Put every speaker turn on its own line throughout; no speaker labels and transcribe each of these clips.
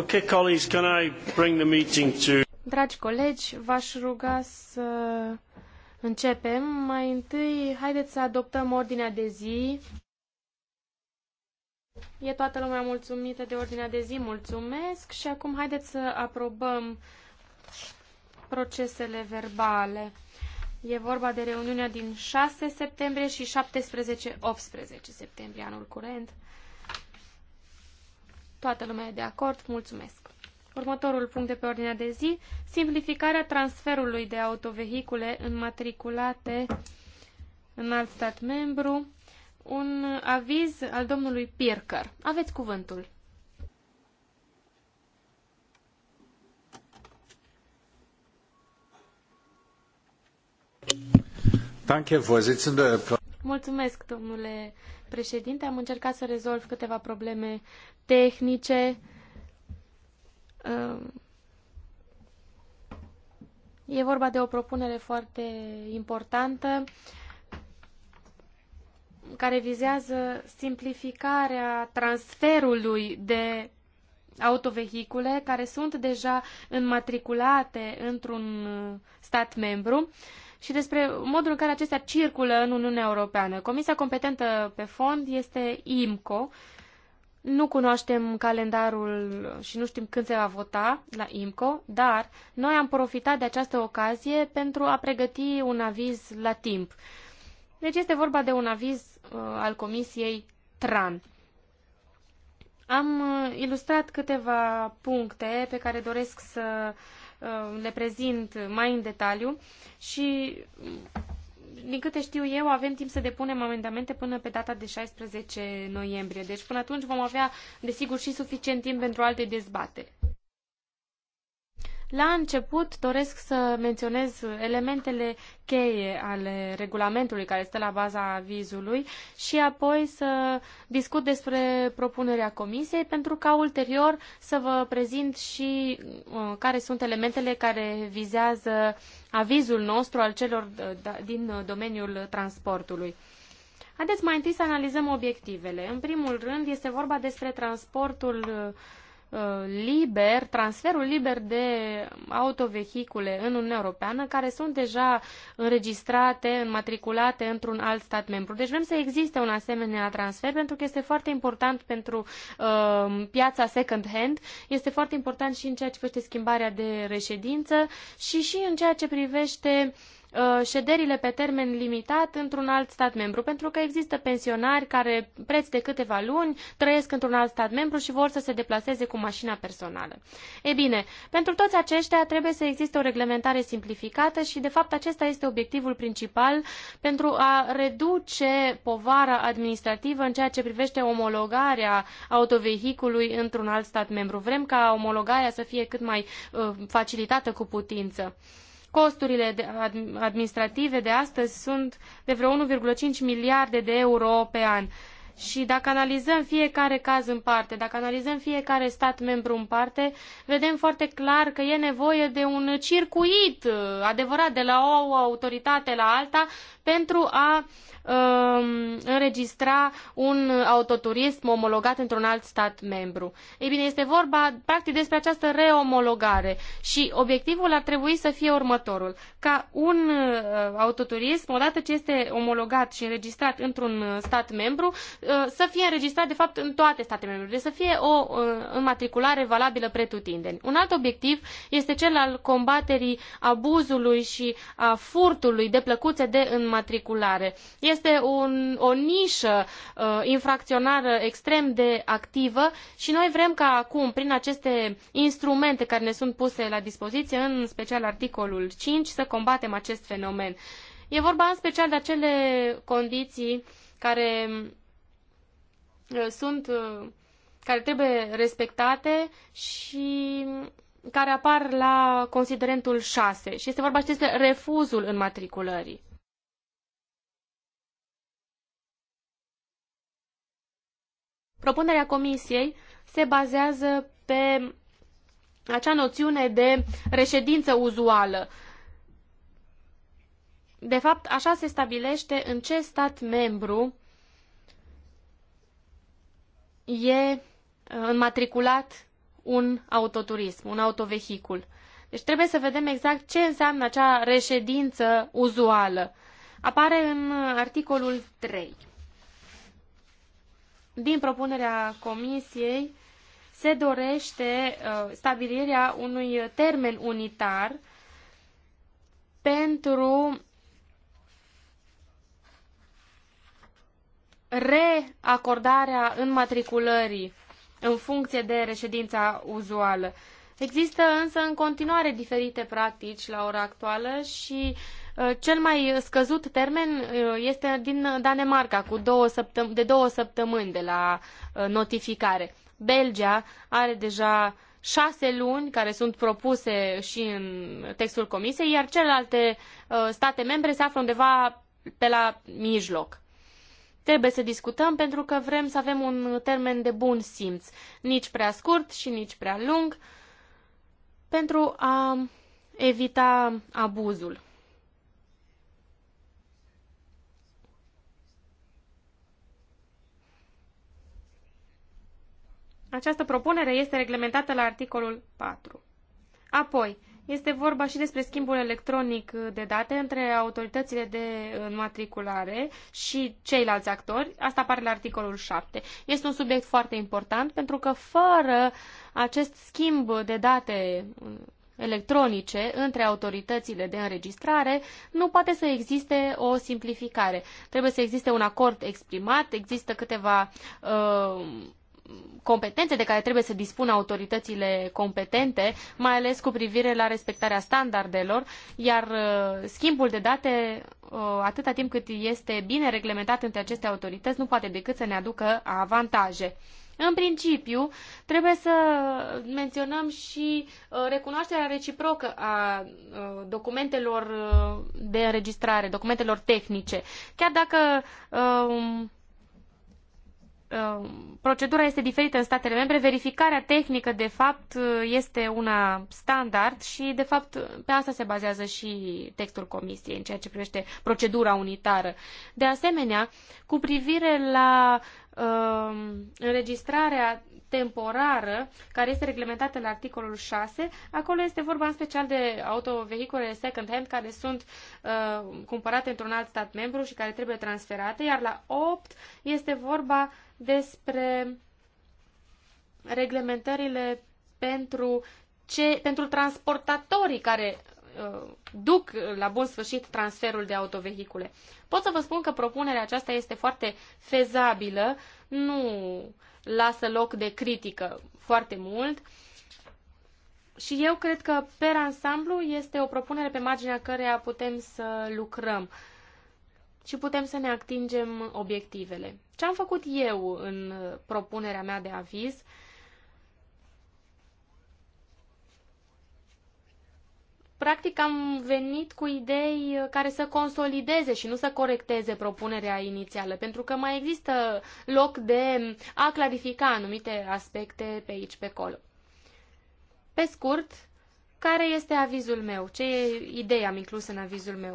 Okay, colleagues, can I bring the meeting to...
Dragi colegi, v-aș ruga să începem. Mai întâi, haideți să adoptăm ordinea de zi. E toată lumea mulțumită de ordinea de zi, mulțumesc. Și acum haideți să aprobăm procesele verbale. E vorba de reuniunea din 6 septembrie și 17-18 septembrie anul curent. Toată lumea e de acord. Mulțumesc. Următorul punct de pe ordinea de zi, simplificarea transferului de autovehicule înmatriculate în alt stat membru, un aviz al domnului Pircăr. Aveți cuvântul. Mulțumesc, domnule președinte. Am încercat să rezolv câteva probleme tehnice. Um, e vorba de o propunere foarte importantă care vizează simplificarea transferului de autovehicule care sunt deja înmatriculate într-un stat membru și despre modul în care acestea circulă în Uniunea Europeană. Comisia competentă pe fond este IMCO nu cunoaștem calendarul și nu știm când se va vota la IMCO, dar noi am profitat de această ocazie pentru a pregăti un aviz la timp. Deci este vorba de un aviz uh, al Comisiei TRAN. Am uh, ilustrat câteva puncte pe care doresc să uh, le prezint mai în detaliu și din câte știu eu, avem timp să depunem amendamente până pe data de 16 noiembrie. Deci până atunci vom avea, desigur, și suficient timp pentru alte dezbateri. La început doresc să menționez elementele cheie ale regulamentului care stă la baza avizului și apoi să discut despre propunerea comisiei pentru ca ulterior să vă prezint și uh, care sunt elementele care vizează avizul nostru al celor uh, da, din uh, domeniul transportului. Haideți mai întâi să analizăm obiectivele. În primul rând este vorba despre transportul uh, Uh, liber, transferul liber de autovehicule în Uniunea Europeană care sunt deja înregistrate, înmatriculate într-un alt stat membru. Deci vrem să existe un asemenea transfer pentru că este foarte important pentru uh, piața second hand, este foarte important și în ceea ce privește schimbarea de reședință și și în ceea ce privește uh, Uh, șederile pe termen limitat într-un alt stat membru, pentru că există pensionari care preț de câteva luni trăiesc într-un alt stat membru și vor să se deplaseze cu mașina personală. E bine, pentru toți aceștia trebuie să existe o reglementare simplificată și, de fapt, acesta este obiectivul principal pentru a reduce povara administrativă în ceea ce privește omologarea autovehicului într-un alt stat membru. Vrem ca omologarea să fie cât mai uh, facilitată cu putință. Costurile administrative de astăzi sunt de vreo 1,5 miliarde de euro pe an. Și dacă analizăm fiecare caz în parte, dacă analizăm fiecare stat membru în parte, vedem foarte clar că e nevoie de un circuit uh, adevărat de la o autoritate la alta pentru a Um, înregistra un autoturism omologat într-un alt stat membru. Ei bine, este vorba practic despre această reomologare și obiectivul ar trebui să fie următorul. Ca un uh, autoturism, odată ce este omologat și înregistrat într-un stat membru, uh, să fie înregistrat de fapt în toate statele membre, deci să fie o uh, înmatriculare valabilă pretutindeni. Un alt obiectiv este cel al combaterii abuzului și a furtului de plăcuțe de înmatriculare. Este este un, o nișă uh, infracționară extrem de activă și noi vrem ca acum, prin aceste instrumente care ne sunt puse la dispoziție, în special articolul 5, să combatem acest fenomen. E vorba în special de acele condiții care uh, sunt uh, care trebuie respectate și care apar la considerentul 6 și este vorba și despre refuzul înmatriculării. Propunerea Comisiei se bazează pe acea noțiune de reședință uzuală. De fapt, așa se stabilește în ce stat membru e uh, înmatriculat un autoturism, un autovehicul. Deci trebuie să vedem exact ce înseamnă acea reședință uzuală. Apare în uh, articolul 3 din propunerea Comisiei se dorește uh, stabilirea unui termen unitar pentru reacordarea înmatriculării în funcție de reședința uzuală. Există însă în continuare diferite practici la ora actuală și uh, Uh, cel mai scăzut termen uh, este din Danemarca, cu două de două săptămâni de la uh, notificare. Belgia are deja șase luni care sunt propuse și în textul comisiei, iar celelalte state membre se află undeva pe la mijloc. Trebuie să discutăm pentru că vrem să avem un termen de bun simț, nici prea scurt și nici prea lung, pentru a evita abuzul. Această propunere este reglementată la articolul 4. Apoi, este vorba și despre schimbul electronic de date între autoritățile de înmatriculare și ceilalți actori. Asta apare la articolul 7. Este un subiect foarte important pentru că fără acest schimb de date electronice între autoritățile de înregistrare, nu poate să existe o simplificare. Trebuie să existe un acord exprimat, există câteva uh, competențe de care trebuie să dispună autoritățile competente, mai ales cu privire la respectarea standardelor, iar uh, schimbul de date, uh, atâta timp cât este bine reglementat între aceste autorități, nu poate decât să ne aducă avantaje. În principiu, trebuie să menționăm și uh, recunoașterea reciprocă a documentelor de înregistrare, documentelor tehnice. Chiar dacă Um, procedura este diferită în statele membre, verificarea tehnică, de fapt, este una standard și, de fapt, pe asta se bazează și textul Comisiei în ceea ce privește procedura unitară. De asemenea, cu privire la uh, înregistrarea temporară, care este reglementată la articolul 6. Acolo este vorba în special de autovehicule second-hand care sunt uh, cumpărate într-un alt stat membru și care trebuie transferate, iar la 8 este vorba despre reglementările pentru, ce, pentru transportatorii care Uh, duc la bun sfârșit transferul de autovehicule. Pot să vă spun că propunerea aceasta este foarte fezabilă, nu lasă loc de critică foarte mult și eu cred că, pe ansamblu, este o propunere pe marginea căreia putem să lucrăm și putem să ne atingem obiectivele. Ce am făcut eu în propunerea mea de aviz? Uh, practic am venit cu idei uh, care să consolideze și nu să corecteze propunerea inițială, pentru că mai există loc de a clarifica anumite aspecte pe aici, pe acolo. Pe scurt, care este avizul meu? Ce idei am inclus în avizul meu?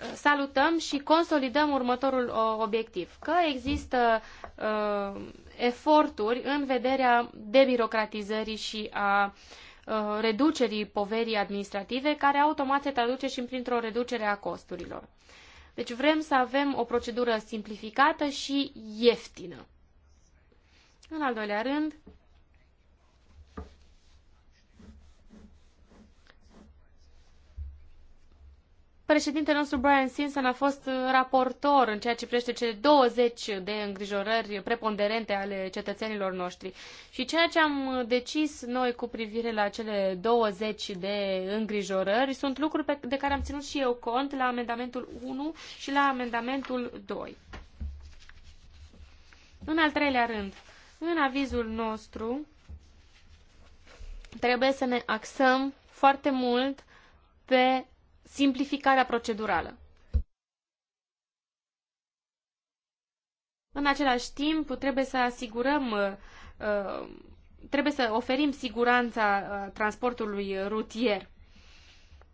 Uh, salutăm și consolidăm următorul obiectiv, că există uh, eforturi în vederea debirocratizării și a uh, Uh, reducerii poverii administrative, care automat se traduce și printr-o reducere a costurilor. Deci vrem să avem o procedură simplificată și ieftină. În al doilea rând, Președintele nostru Brian Simpson a fost uh, raportor în ceea ce privește cele 20 de îngrijorări preponderente ale cetățenilor noștri. Și ceea ce am uh, decis noi cu privire la cele 20 de îngrijorări sunt lucruri pe, de care am ținut și eu cont la amendamentul 1 și la amendamentul 2. În al treilea rând, în avizul nostru trebuie să ne axăm foarte mult pe simplificarea procedurală. În același timp, trebuie să asigurăm, uh, uh, trebuie să oferim siguranța uh, transportului rutier.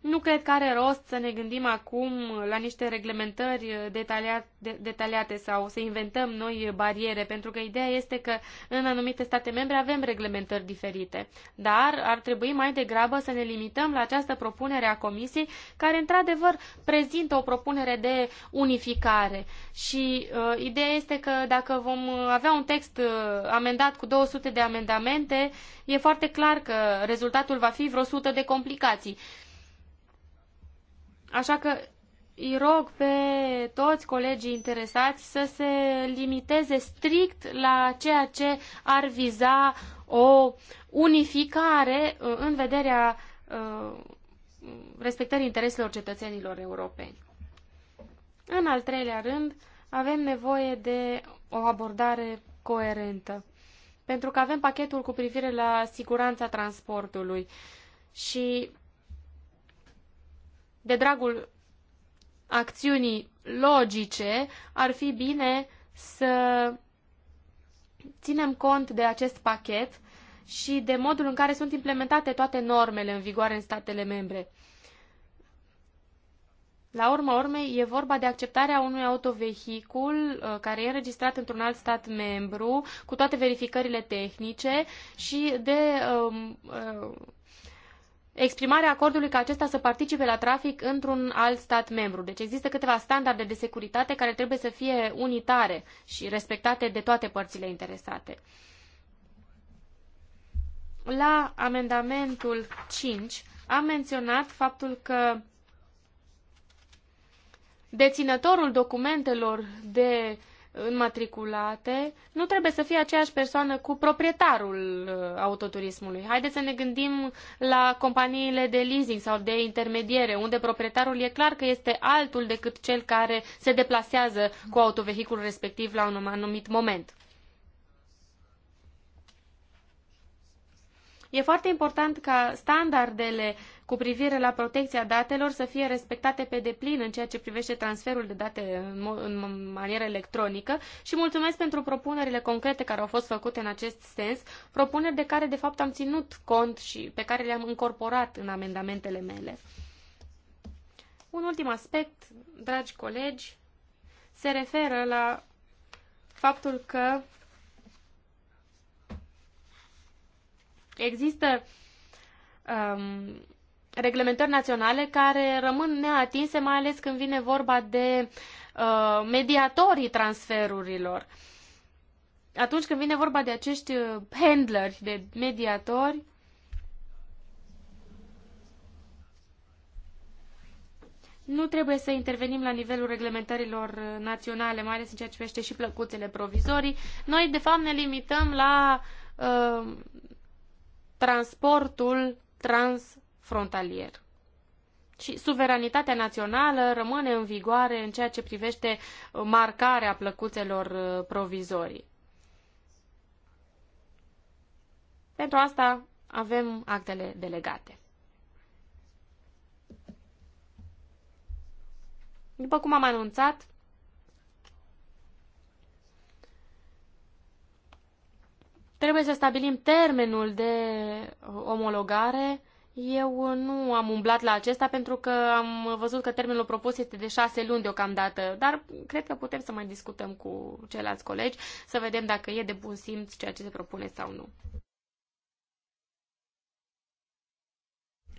Nu cred că are rost să ne gândim acum la niște reglementări detaliate, detaliate sau să inventăm noi bariere, pentru că ideea este că în anumite state membre avem reglementări diferite. Dar ar trebui mai degrabă să ne limităm la această propunere a Comisiei, care într-adevăr prezintă o propunere de unificare. Și uh, ideea este că dacă vom avea un text uh, amendat cu 200 de amendamente, e foarte clar că rezultatul va fi vreo 100 de complicații. Așa că îi rog pe toți colegii interesați să se limiteze strict la ceea ce ar viza o unificare uh, în vederea uh, respectării intereselor cetățenilor europeni. În al treilea rând, avem nevoie de o abordare coerentă, pentru că avem pachetul cu privire la siguranța transportului și de dragul acțiunii logice, ar fi bine să ținem cont de acest pachet și de modul în care sunt implementate toate normele în vigoare în statele membre. La urma urmei, e vorba de acceptarea unui autovehicul uh, care e înregistrat într-un alt stat membru, cu toate verificările tehnice și de um, uh, exprimarea acordului ca acesta să participe la trafic într-un alt stat membru. Deci există câteva standarde de securitate care trebuie să fie unitare și respectate de toate părțile interesate. La amendamentul 5 am menționat faptul că deținătorul documentelor de înmatriculate nu trebuie să fie aceeași persoană cu proprietarul uh, autoturismului. Haideți să ne gândim la companiile de leasing sau de intermediere, unde proprietarul e clar că este altul decât cel care se deplasează cu autovehiculul respectiv la un anumit moment. E foarte important ca standardele cu privire la protecția datelor să fie respectate pe deplin în ceea ce privește transferul de date în, în manieră electronică și mulțumesc pentru propunerile concrete care au fost făcute în acest sens, propuneri de care de fapt am ținut cont și pe care le-am incorporat în amendamentele mele. Un ultim aspect, dragi colegi, se referă la faptul că există um, reglementări naționale care rămân neatinse, mai ales când vine vorba de uh, mediatorii transferurilor. Atunci când vine vorba de acești uh, handleri, de mediatori, nu trebuie să intervenim la nivelul reglementărilor uh, naționale, mai ales în ceea ce privește și plăcuțele provizorii. Noi, de fapt, ne limităm la uh, transportul trans frontalier Și suveranitatea națională rămâne în vigoare în ceea ce privește uh, marcarea plăcuțelor uh, provizorii. Pentru asta avem actele delegate. După cum am anunțat, trebuie să stabilim termenul de uh, omologare eu nu am umblat la acesta pentru că am văzut că termenul propus este de șase luni deocamdată, dar cred că putem să mai discutăm cu ceilalți colegi să vedem dacă e de bun simț ceea ce se propune sau nu.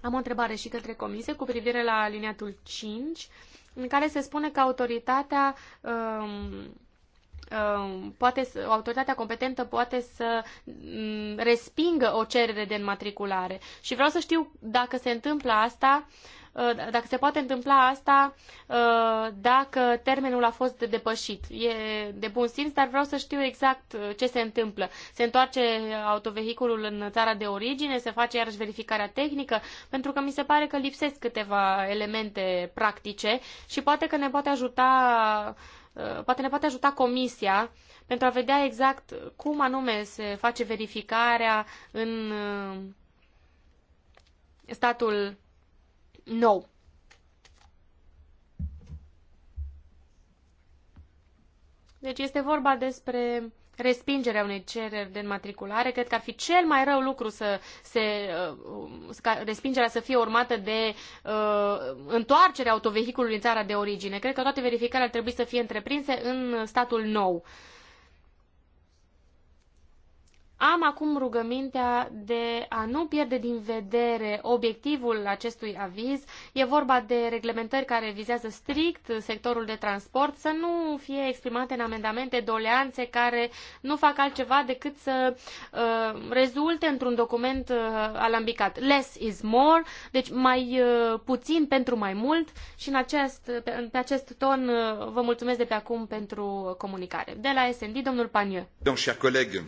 Am o întrebare și către comisie cu privire la aliniatul 5, în care se spune că autoritatea um, Um, poate să, autoritatea competentă poate să mm, respingă o cerere de înmatriculare. Și vreau să știu dacă se întâmplă asta, uh, dacă se poate întâmpla asta uh, dacă termenul a fost depășit. E de bun simț, dar vreau să știu exact uh, ce se întâmplă. Se întoarce autovehiculul în țara de origine, se face iarăși verificarea tehnică, pentru că mi se pare că lipsesc câteva elemente practice și poate că ne poate ajuta Uh, poate ne poate ajuta comisia pentru a vedea exact cum anume se face verificarea în uh, statul nou. Deci este vorba despre respingerea unei cereri de înmatriculare, cred că ar fi cel mai rău lucru să se uh, ca respingerea să fie urmată de uh, întoarcerea autovehiculului în țara de origine. Cred că toate verificările ar trebui să fie întreprinse în statul nou. Uh, am acum rugămintea de a nu pierde din vedere obiectivul acestui aviz. E vorba de reglementări care vizează strict sectorul de transport, să nu fie exprimate în amendamente doleanțe care nu fac altceva decât să uh, rezulte într-un document uh, alambicat. Less is more, deci mai uh, puțin pentru mai mult și în acest, pe, pe acest ton uh, vă mulțumesc de pe acum pentru comunicare. De la SND, domnul Paniu.
Domn, coleg,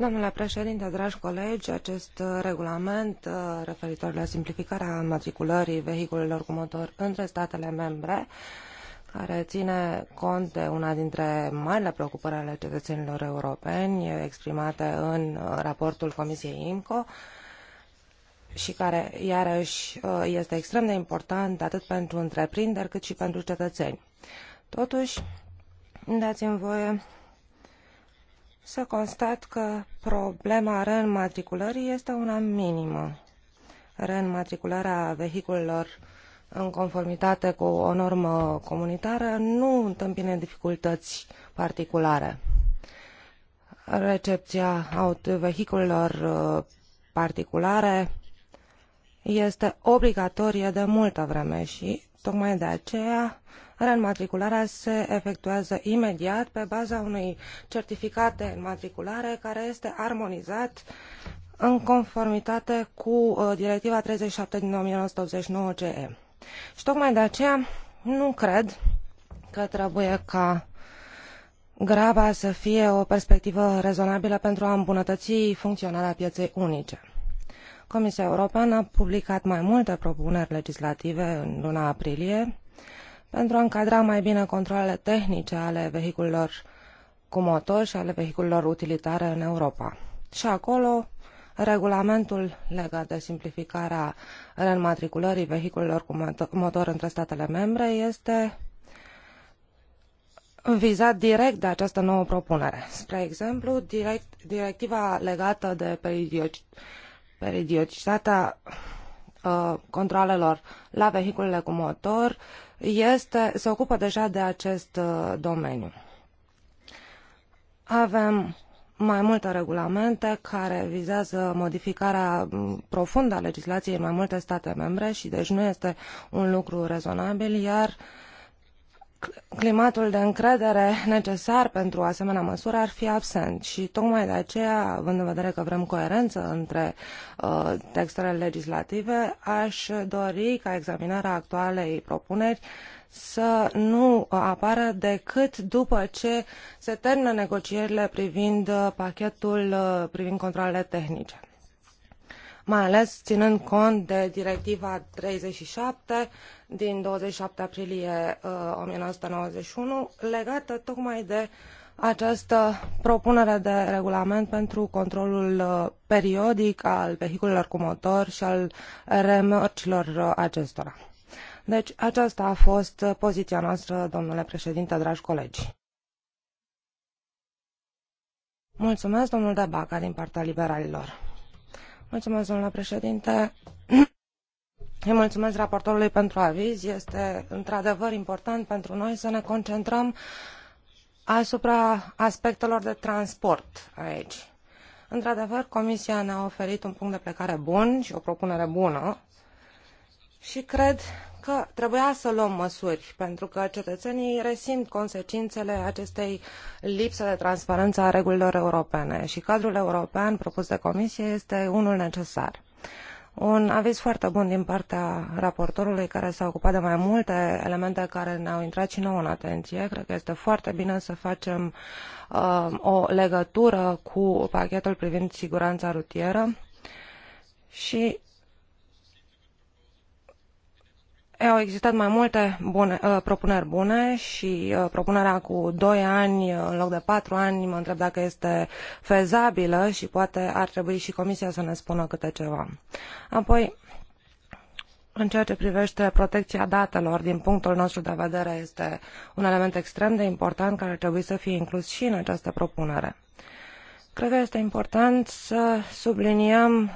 Domnule președinte, dragi colegi, acest uh, regulament uh, referitor la simplificarea matriculării vehiculelor cu motor între statele membre care ține cont de una dintre marile preocupări ale cetățenilor europeni exprimate în uh, raportul Comisiei IMCO și care, iarăși, este extrem de important atât pentru întreprinderi cât și pentru cetățeni. Totuși, dați-mi voie să constat că problema reînmatriculării este una minimă. Reînmatricularea vehiculelor în conformitate cu o normă comunitară nu întâmpine dificultăți particulare. Recepția vehiculelor uh, particulare este obligatorie de multă vreme și Tocmai de aceea, reînmatricularea se efectuează imediat pe baza unui certificat de înmatriculare care este armonizat în conformitate cu uh, Directiva 37 din 1989 CE. Și tocmai de aceea nu cred că trebuie ca graba să fie o perspectivă rezonabilă pentru a îmbunătăți funcționarea pieței unice. Comisia Europeană a publicat mai multe propuneri legislative în luna aprilie pentru a încadra mai bine controlele tehnice ale vehiculelor cu motor și ale vehiculelor utilitare în Europa. Și acolo, regulamentul legat de simplificarea reînmatriculării vehiculelor cu motor între statele membre este vizat direct de această nouă propunere. Spre exemplu, direct, directiva legată de periodicitate periodicitatea uh, controlelor la vehiculele cu motor este, se ocupă deja de acest uh, domeniu. Avem mai multe regulamente care vizează modificarea mm, profundă a legislației în mai multe state membre și deci nu este un lucru rezonabil, iar uh, climatul de încredere necesar pentru o asemenea măsură ar fi absent și tocmai de aceea, având în vedere că vrem coerență între uh, textele legislative, aș dori ca examinarea actualei propuneri să nu apară decât după ce se termină negocierile privind uh, pachetul uh, privind controlele tehnice mai ales ținând cont de Directiva 37 din 27 aprilie 1991 uh, legată tocmai de această propunere de regulament pentru controlul uh, periodic al vehiculelor cu motor și al remorcilor uh, acestora. Deci aceasta a fost poziția noastră, domnule președinte, dragi colegi. Mulțumesc, domnul Debaca, din partea liberalilor. Mulțumesc, președinte. Îi mulțumesc raportorului pentru aviz. Este într-adevăr important pentru noi să ne concentrăm asupra aspectelor de transport aici. Într-adevăr, Comisia ne-a oferit un punct de plecare bun și o propunere bună și cred că trebuia să luăm măsuri, pentru că cetățenii resimt consecințele acestei lipse de transparență a regulilor europene și cadrul european propus de comisie este unul necesar. Un aviz foarte bun din partea raportorului care s-a ocupat de mai multe elemente care ne-au intrat și nouă în atenție. Cred că este foarte bine să facem uh, o legătură cu pachetul privind siguranța rutieră și Au existat mai multe bune, uh, propuneri bune și uh, propunerea cu doi ani uh, în loc de patru ani mă întreb dacă este fezabilă și poate ar trebui și Comisia să ne spună câte ceva. Apoi, în ceea ce privește protecția datelor, din punctul nostru de vedere, este un element extrem de important care trebuie să fie inclus și în această propunere. Cred că este important să subliniem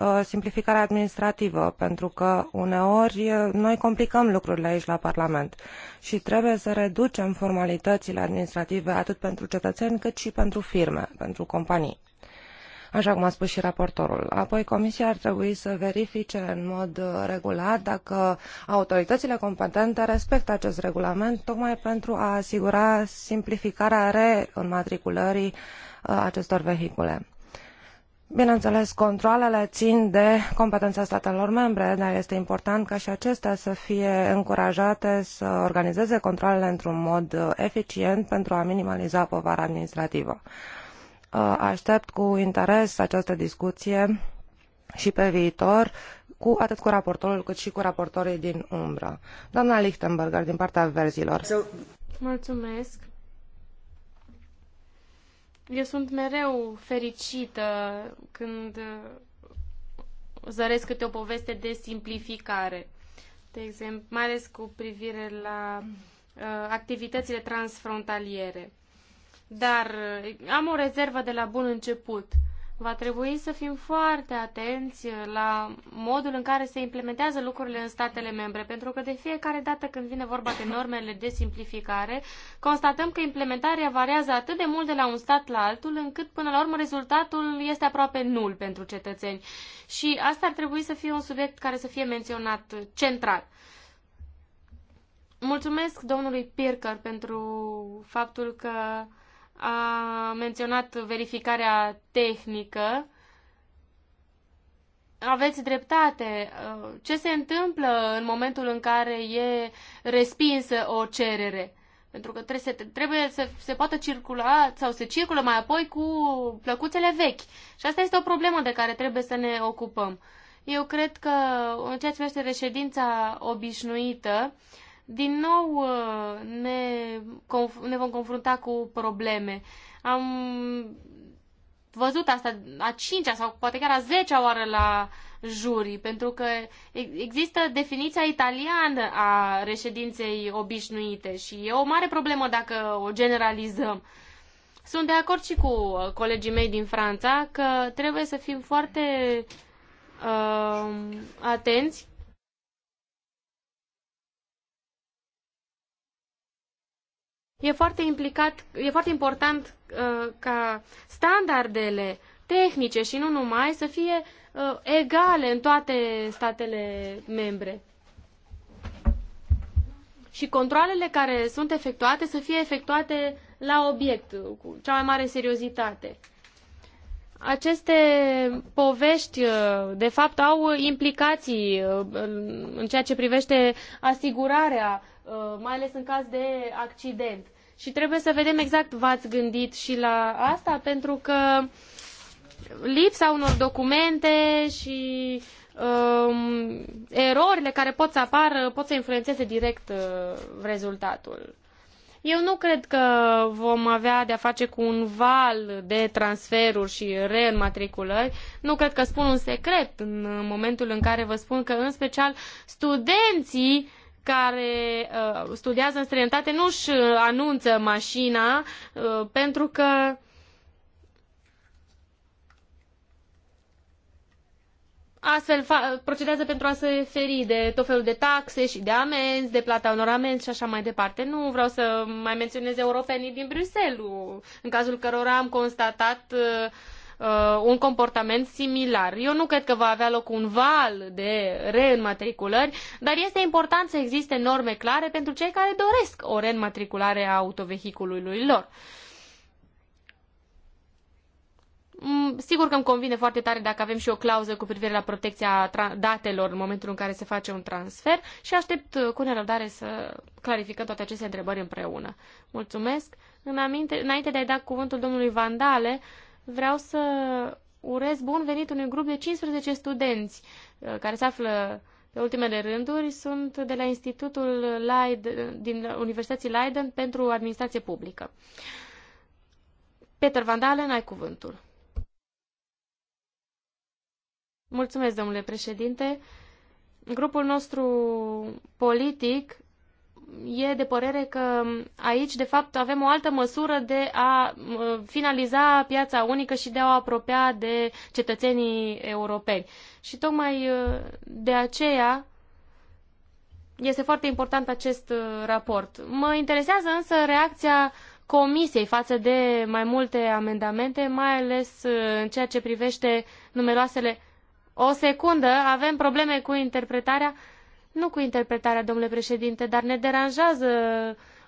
Uh, simplificarea administrativă, pentru că uneori uh, noi complicăm lucrurile aici la Parlament și trebuie să reducem formalitățile administrative atât pentru cetățeni cât și pentru firme, pentru companii așa cum a spus și raportorul. Apoi Comisia ar trebui să verifice în mod uh, regulat dacă autoritățile competente respectă acest regulament, tocmai pentru a asigura simplificarea reînmatriculării acestor vehicule. Bineînțeles, controlele in de competența statelor membre, dar este important ca și acestea să fie încurajate să organizeze controalele într-un mod uh, eficient pentru a minimaliza povara administrativă. Uh, aștept cu interes această discuie și pe viitor, cu, atât cu raportorul cât și cu raportorii din umbră. Doamna Lichtenberger, din partea verzilor.
Mulțumesc. Eu sunt mereu fericită când zăresc câte o poveste de simplificare. De exemplu, mai ales cu privire la uh, activitățile transfrontaliere. Dar uh, am o rezervă de la bun început. Uh, Va trebui să fim foarte atenți la modul în care se implementează lucrurile în statele membre, pentru că de fiecare dată când vine vorba de normele de simplificare, constatăm că implementarea variază atât de mult de la un stat la altul, încât până la urmă rezultatul este aproape nul pentru cetățeni. Și asta ar trebui să fie un subiect care să fie menționat central. Mulțumesc domnului Pirker pentru faptul că a menționat verificarea tehnică. Aveți dreptate. Ce se întâmplă în momentul în care e respinsă o cerere? Pentru că trebuie să, trebuie să se poată circula sau se circulă mai apoi cu plăcuțele vechi. Și asta este o problemă de care trebuie să ne ocupăm. Eu cred că în ceea ce privește reședința obișnuită, uh, din nou uh, ne, ne vom confrunta cu probleme. Am văzut asta a cincea sau poate chiar a zecea oară la juri, pentru că există definiția italiană a reședinței obișnuite și e o mare problemă dacă o generalizăm. Sunt de acord și cu uh, colegii mei din Franța că trebuie să fim foarte uh, atenți E foarte, implicat, e foarte important uh, ca standardele tehnice și nu numai să fie uh, egale în toate statele membre. Și controlele care sunt efectuate să fie efectuate la obiect, cu cea mai mare seriozitate. Aceste povești, uh, de fapt, au implicații uh, în ceea ce privește asigurarea Uh, mai ales în caz de accident. Și trebuie să vedem exact v-ați gândit și la asta, pentru că lipsa unor documente și um, erorile care pot să apară pot să influențeze direct uh, rezultatul. Eu nu cred că vom avea de-a face cu un val de transferuri și reînmatriculări. Nu cred că spun un secret în momentul în care vă spun că, în special, studenții care uh, studiază în străinătate nu își uh, anunță mașina uh, pentru că astfel procedează pentru a se feri de tot felul de taxe și de amenzi, de plata unor amenzi și așa mai departe. Nu vreau să mai menționez europenii din Bruxelles, în cazul cărora am constatat uh, uh, un comportament similar. Eu nu cred că va avea loc un val de reînmatriculări, dar este important să existe norme clare pentru cei care doresc o reînmatriculare a autovehiculului lor. Mm, sigur că îmi convine foarte tare dacă avem și o clauză cu privire la protecția datelor în momentul în care se face un transfer și aștept uh, cu nerăbdare să clarificăm toate aceste întrebări împreună. Mulțumesc! În aminte, înainte de a-i da cuvântul domnului Vandale, vreau să urez bun venit unui grup de 15 studenți uh, care se află pe ultimele rânduri. Sunt de la Institutul Leiden, din Universității Leiden pentru Administrație Publică. Peter Van Dalen, ai cuvântul. Mulțumesc, domnule președinte. Grupul nostru politic e de părere că aici, de fapt, avem o altă măsură de a uh, finaliza piața unică și de a o apropia de cetățenii europeni. Și tocmai uh, de aceea este foarte important acest uh, raport. Mă interesează însă reacția Comisiei față de mai multe amendamente, mai ales în ceea ce privește numeroasele. O secundă, avem probleme cu interpretarea. Nu cu interpretarea, domnule președinte, dar ne deranjează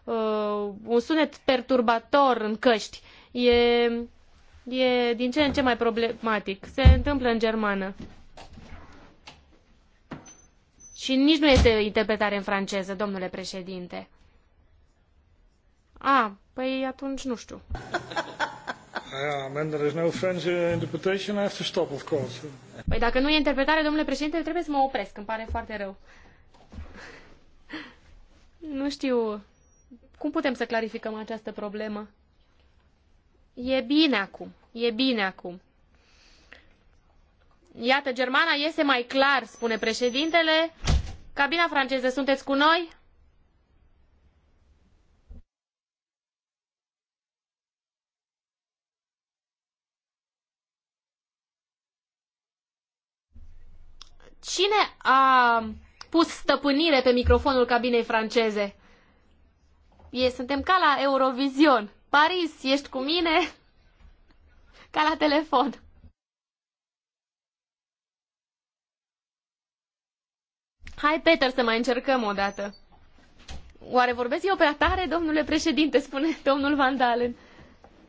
uh, un sunet perturbator în căști. E, e din ce în ce mai problematic. Se întâmplă în germană. Și nici nu este interpretare în franceză, domnule președinte. A, păi atunci nu știu.
Yeah, when there is no French uh, interpretation, I have to stop, of course.
Păi dacă nu e interpretare, domnule președinte, trebuie să mă opresc. Îmi pare foarte rău. Nu știu cum putem să clarificăm această problemă. E bine acum, e bine acum. Iată, Germana iese mai clar, spune președintele. Cabina franceză, sunteți cu noi? Cine a pus stăpânire pe microfonul cabinei franceze. E, suntem ca la Eurovision. Paris, ești cu mine? Ca la telefon. Hai, Peter, să mai încercăm o dată. Oare vorbesc eu prea tare, domnule președinte, spune domnul Vandalen.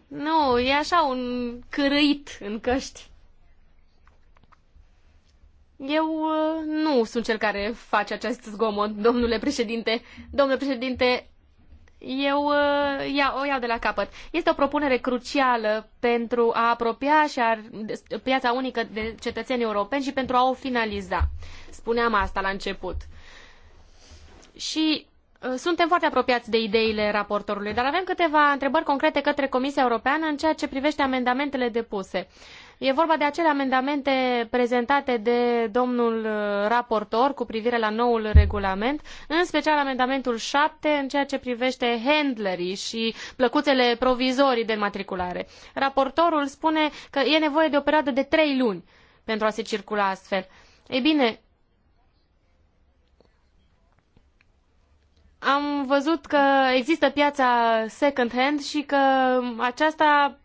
Nu, e așa un cârâit în căști. Eu uh, nu sunt cel care face acest zgomot, domnule președinte. Domnule președinte, eu uh, ia, o iau de la capăt. Este o propunere crucială pentru a apropia și a, piața unică de cetățenii europeni și pentru a o finaliza. Spuneam asta la început. Și uh, suntem foarte apropiați de ideile raportorului, dar avem câteva întrebări concrete către Comisia Europeană în ceea ce privește amendamentele depuse. Uh, E vorba de acele amendamente prezentate de domnul uh, raportor cu privire la noul regulament, în special amendamentul 7 în ceea ce privește handlerii și plăcuțele provizorii de matriculare. Raportorul spune că e nevoie de o perioadă de trei luni pentru a se circula astfel. Ei bine, am văzut că există piața second hand și că aceasta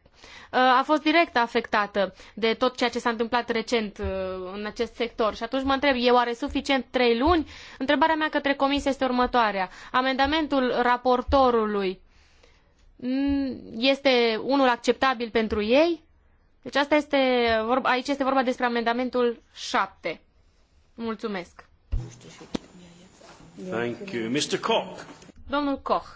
a fost direct afectată de tot ceea ce s-a întâmplat recent uh, în acest sector. Și atunci mă întreb, e oare suficient trei luni? Întrebarea mea către comisie este următoarea. Amendamentul raportorului este unul acceptabil pentru ei? Deci asta este vorba, aici este vorba despre amendamentul 7. Mulțumesc. Thank you. Mr. Koch. Domnul Koch.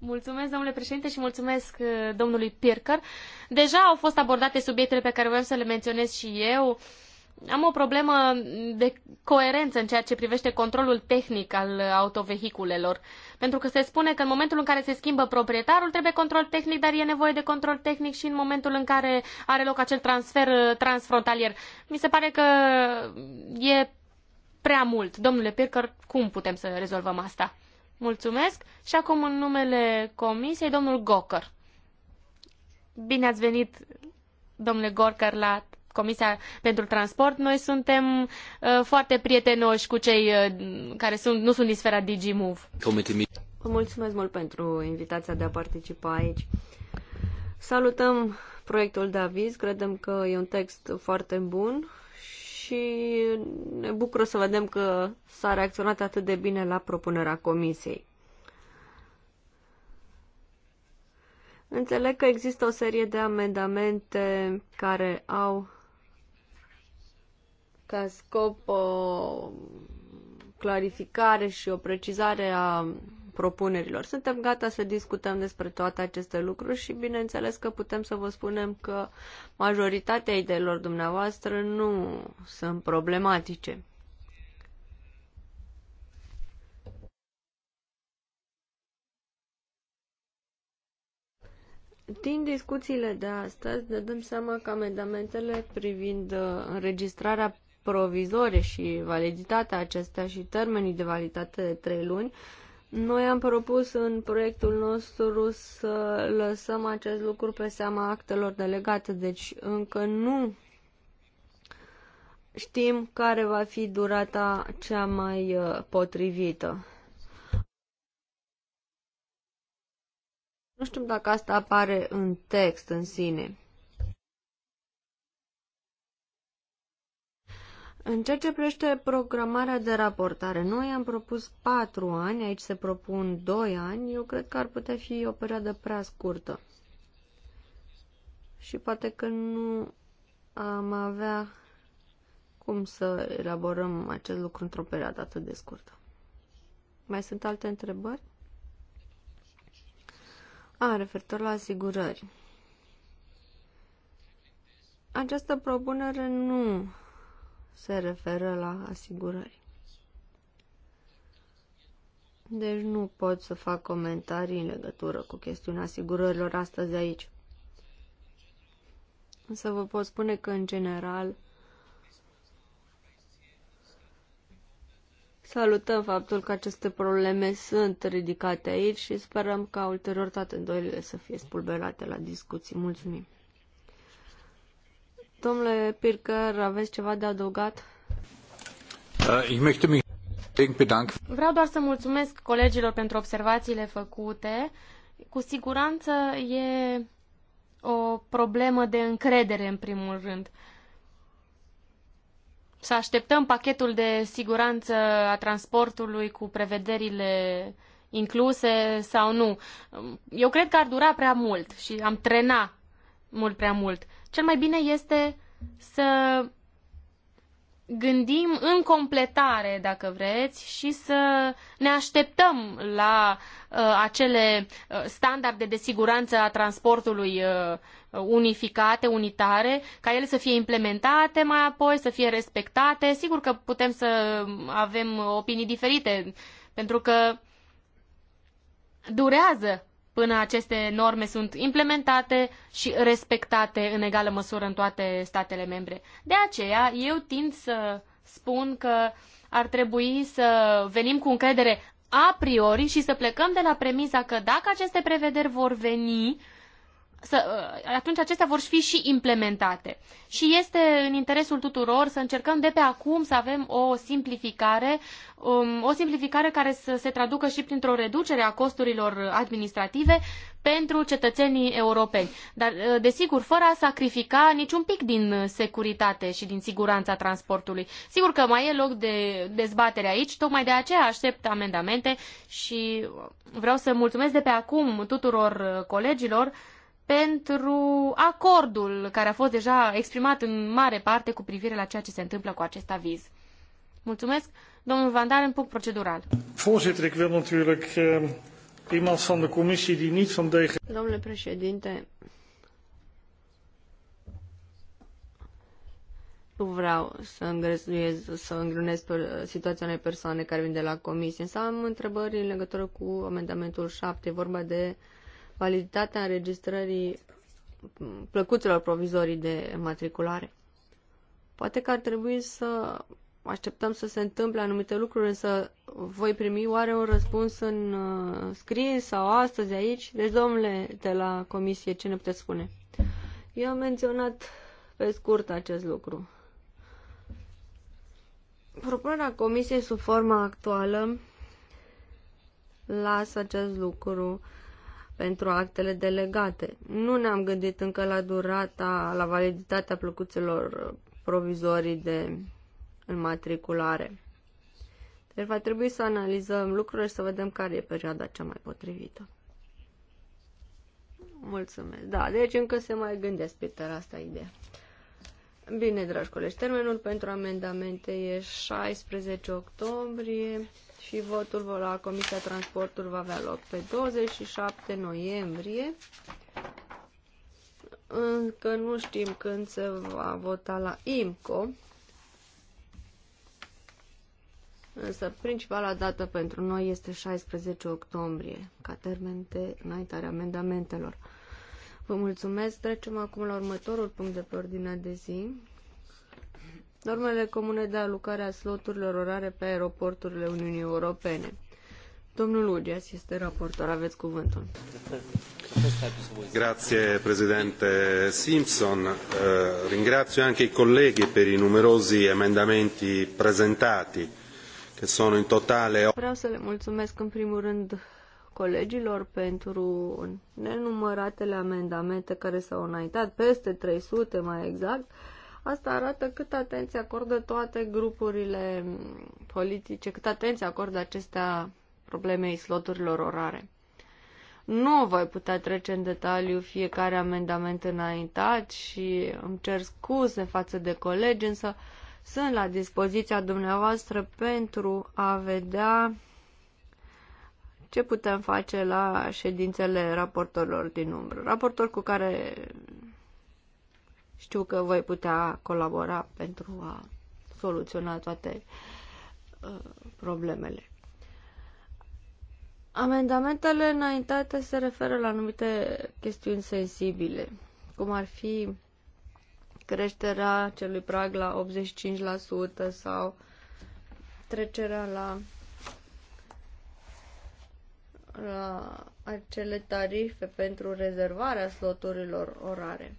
Mulțumesc, domnule președinte, și mulțumesc uh, domnului Pircăr. Deja au fost abordate subiectele pe care vreau să le menționez și eu. Am o problemă de coerență în ceea ce privește controlul tehnic al autovehiculelor. Pentru că se spune că în momentul în care se schimbă proprietarul trebuie control tehnic, dar e nevoie de control tehnic și în momentul în care are loc acel transfer uh, transfrontalier. Mi se pare că e prea mult. Domnule Pircăr, cum putem să rezolvăm asta? Mulțumesc. Și acum în numele comisiei, domnul Gocăr. Bine ați venit, domnule Gorcar, la Comisia pentru Transport. Noi suntem uh, foarte prietenoși cu cei uh, care sunt, nu sunt din sfera DigiMove.
Vă mulțumesc mult pentru invitația de a participa aici. Salutăm proiectul de aviz, credem că e un text foarte bun și ne bucură să vedem că s-a reacționat atât de bine la propunerea comisiei. Înțeleg că există o serie de amendamente care au ca scop o clarificare și o precizare a propunerilor. Suntem gata să discutăm despre toate aceste lucruri și bineînțeles că putem să vă spunem că majoritatea ideilor dumneavoastră nu sunt problematice. Din discuțiile de astăzi ne dăm seama că amendamentele privind uh, înregistrarea provizorie și validitatea acestea și termenii de validitate de 3 luni noi am propus în proiectul nostru să lăsăm acest lucru pe seama actelor delegate, deci încă nu știm care va fi durata cea mai uh, potrivită. Nu știm dacă asta apare în text în sine. În ceea ce privește programarea de raportare, noi am propus 4 ani, aici se propun 2 ani, eu cred că ar putea fi o perioadă prea scurtă. Și poate că nu am avea cum să elaborăm acest lucru într-o perioadă atât de scurtă. Mai sunt alte întrebări? A, referitor la asigurări. Această propunere nu se referă la asigurări. Deci nu pot să fac comentarii în legătură cu chestiunea asigurărilor astăzi aici. Însă vă pot spune că, în general, salutăm faptul că aceste probleme sunt ridicate aici și sperăm ca ulterior toate îndoielile să fie spulberate la discuții. Mulțumim!
Domnule Pirker, aveți ceva de adăugat? Uh, Vreau doar să mulțumesc colegilor pentru observațiile făcute. Cu siguranță e o problemă de încredere, în primul rând. Să așteptăm pachetul de siguranță a transportului cu prevederile incluse sau nu. Eu cred că ar dura prea mult și am trena mult prea mult cel mai bine este să gândim în completare, dacă vreți, și să ne așteptăm la uh, acele uh, standarde de siguranță a transportului uh, unificate, unitare, ca ele să fie implementate mai apoi, să fie respectate. Sigur că putem să avem opinii diferite, pentru că durează până aceste norme sunt implementate și respectate în egală măsură în toate statele membre. De aceea, eu tind să spun că ar trebui să venim cu încredere a priori și să plecăm de la premisa că dacă aceste prevederi vor veni, să, uh, atunci acestea vor fi și implementate. Și este în interesul tuturor să încercăm de pe acum să avem o simplificare, um, o simplificare care să se traducă și printr-o reducere a costurilor administrative pentru cetățenii europeni. Dar, uh, desigur, fără a sacrifica niciun pic din securitate și din siguranța transportului. Sigur că mai e loc de dezbatere aici, tocmai de aceea aștept amendamente și vreau să mulțumesc de pe acum tuturor uh, colegilor pentru acordul care a fost deja exprimat în mare parte cu privire la ceea ce se întâmplă cu acest aviz. Mulțumesc. Domnul Van Dalen, punct procedural. Eh,
Domnule președinte, nu vreau să îngrezuiez, să îngrunez pe eh, situația unei persoane care vin de la comisie, însă am întrebări în legătură cu amendamentul 7, vorba de uh, validitatea înregistrării plăcuților provizorii de matriculare. Poate că ar trebui să așteptăm să se întâmple anumite lucruri, însă voi primi oare un răspuns în uh, scris sau astăzi aici? Deci, domnule de la comisie, ce ne puteți spune? Eu am menționat pe scurt acest lucru. Propunerea comisiei sub forma actuală lasă acest lucru uh, pentru actele delegate. Nu ne-am gândit încă la durata, la validitatea plăcuțelor provizorii de înmatriculare. Deci va trebui să analizăm lucrurile și să vedem care e perioada cea mai potrivită. Mulțumesc. Da, deci încă se mai gândesc, Peter, asta ideea. Bine, dragi colegi, termenul pentru amendamente e 16 octombrie și votul la Comisia Transportului va avea loc pe 27 noiembrie. Încă nu știm când se va vota la IMCO, însă principala dată pentru noi este 16 octombrie, ca termen de înaintare amendamentelor. Vă mulțumesc, trecem acum la următorul punct de pe ordinea de zi, normele comune de alocare a sloturilor orare pe aeroporturile Uniunii Europene. Domnul Ugias este raportor, aveți cuvântul. Grazie Presidente Simpson, uh, ringrazio anche i colleghi per i numerosi emendamenti presentati, che sono in totale... Vreau să le mulțumesc în primul rând colegilor pentru nenumăratele amendamente care s-au înaintat, peste 300 mai exact, Asta arată cât atenție acordă toate grupurile politice, cât atenție acordă acestea problemei sloturilor orare. Nu voi putea trece în detaliu fiecare amendament înaintat și îmi cer scuze față de colegi, însă sunt la dispoziția dumneavoastră pentru a vedea ce putem face la ședințele raportorilor din umbră. Raportori cu care știu că voi putea colabora pentru a soluționa toate uh, problemele. Amendamentele înaintate se referă la anumite chestiuni sensibile, cum ar fi creșterea celui prag la 85% sau trecerea la, la acele tarife pentru rezervarea sloturilor orare.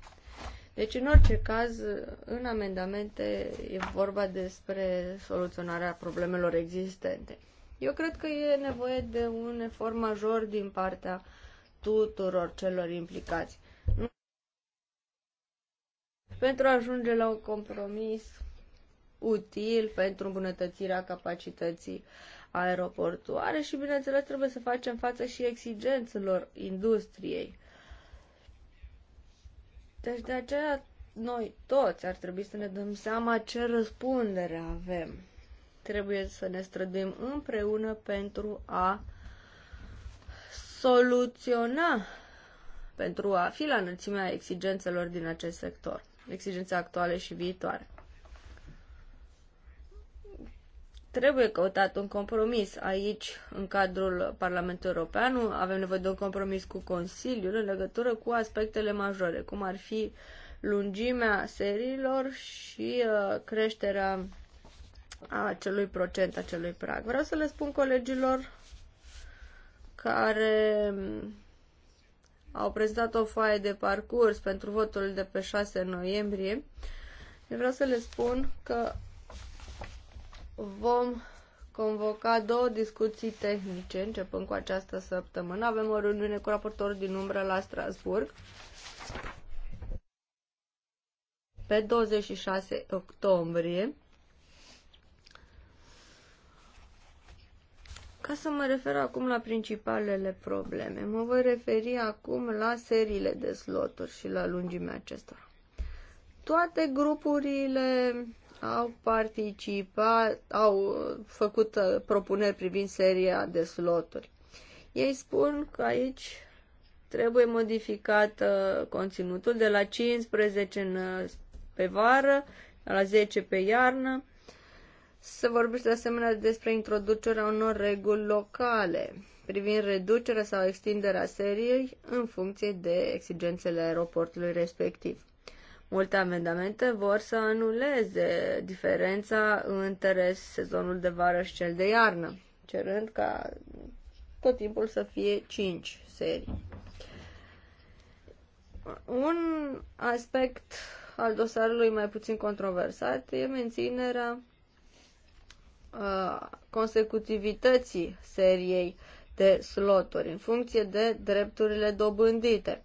Deci, în orice caz, în amendamente e vorba despre soluționarea problemelor existente. Eu cred că e nevoie de un efort major din partea tuturor celor implicați. Pentru a ajunge la un compromis util pentru îmbunătățirea capacității aeroportuare și, bineînțeles, trebuie să facem față și exigențelor industriei deci de aceea noi toți ar trebui să ne dăm seama ce răspundere avem. Trebuie să ne străduim împreună pentru a soluționa, pentru a fi la înălțimea exigențelor din acest sector, exigențe actuale și viitoare. trebuie căutat un compromis aici, în cadrul Parlamentului European. Avem nevoie de un compromis cu Consiliul în legătură cu aspectele majore, cum ar fi lungimea seriilor și uh, creșterea acelui procent, acelui prag. Vreau să le spun colegilor care au prezentat o foaie de parcurs pentru votul de pe 6 noiembrie, vreau să le spun că vom convoca două discuții tehnice începând cu această săptămână. Avem o reuniune cu raportor din umbră la Strasburg pe 26 octombrie. Ca să mă refer acum la principalele probleme, mă voi referi acum la seriile de sloturi și la lungimea acestora. Toate grupurile au participat, au făcut uh, propuneri privind seria de sloturi. Ei spun că aici trebuie modificat uh, conținutul de la 15 în, uh, pe vară, la 10 pe iarnă. Se vorbește de asemenea despre introducerea unor reguli locale privind reducerea sau extinderea seriei în funcție de exigențele aeroportului respectiv. Multe amendamente vor să anuleze diferența între sezonul de vară și cel de iarnă, cerând ca tot timpul să fie 5 serii. Un aspect al dosarului mai puțin controversat e menținerea uh, consecutivității seriei de sloturi în funcție de drepturile dobândite.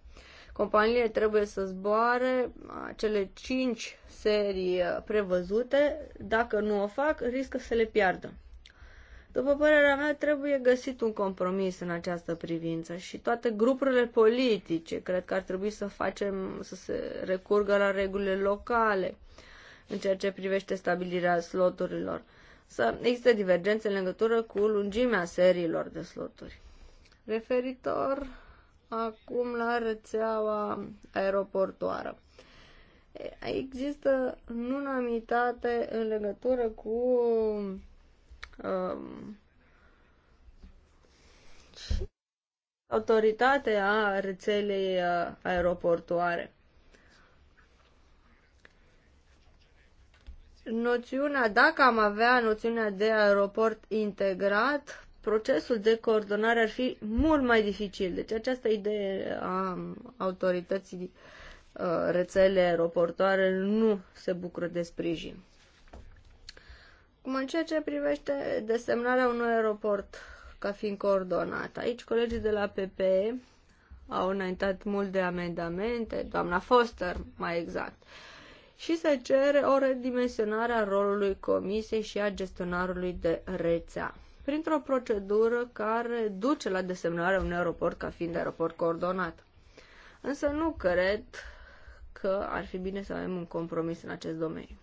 Companiile trebuie să zboare cele 5 serii uh, prevăzute. Dacă nu o fac, riscă să le piardă. După părerea mea, trebuie găsit un compromis în această privință și toate grupurile politice cred că ar trebui să facem să se recurgă la regulile locale în ceea ce privește stabilirea sloturilor. Să există divergențe în legătură cu lungimea seriilor de sloturi. Referitor acum la rețeaua aeroportoară. Există unanimitate în legătură cu um, autoritatea rețelei uh, aeroportoare. Noțiunea, dacă am avea noțiunea de aeroport integrat, procesul de coordonare ar fi mult mai dificil. Deci această idee a autorității uh, rețele aeroportoare nu se bucură de sprijin. Cum în ceea ce privește desemnarea unui aeroport ca fiind coordonat. Aici colegii de la PPE au înaintat mult de amendamente, doamna Foster mai exact, și se cere o redimensionare a rolului comisiei și a gestionarului de rețea printr-o procedură care duce la desemnarea unui aeroport ca fiind aeroport coordonat. Însă nu cred că ar fi bine să avem un compromis în acest domeniu.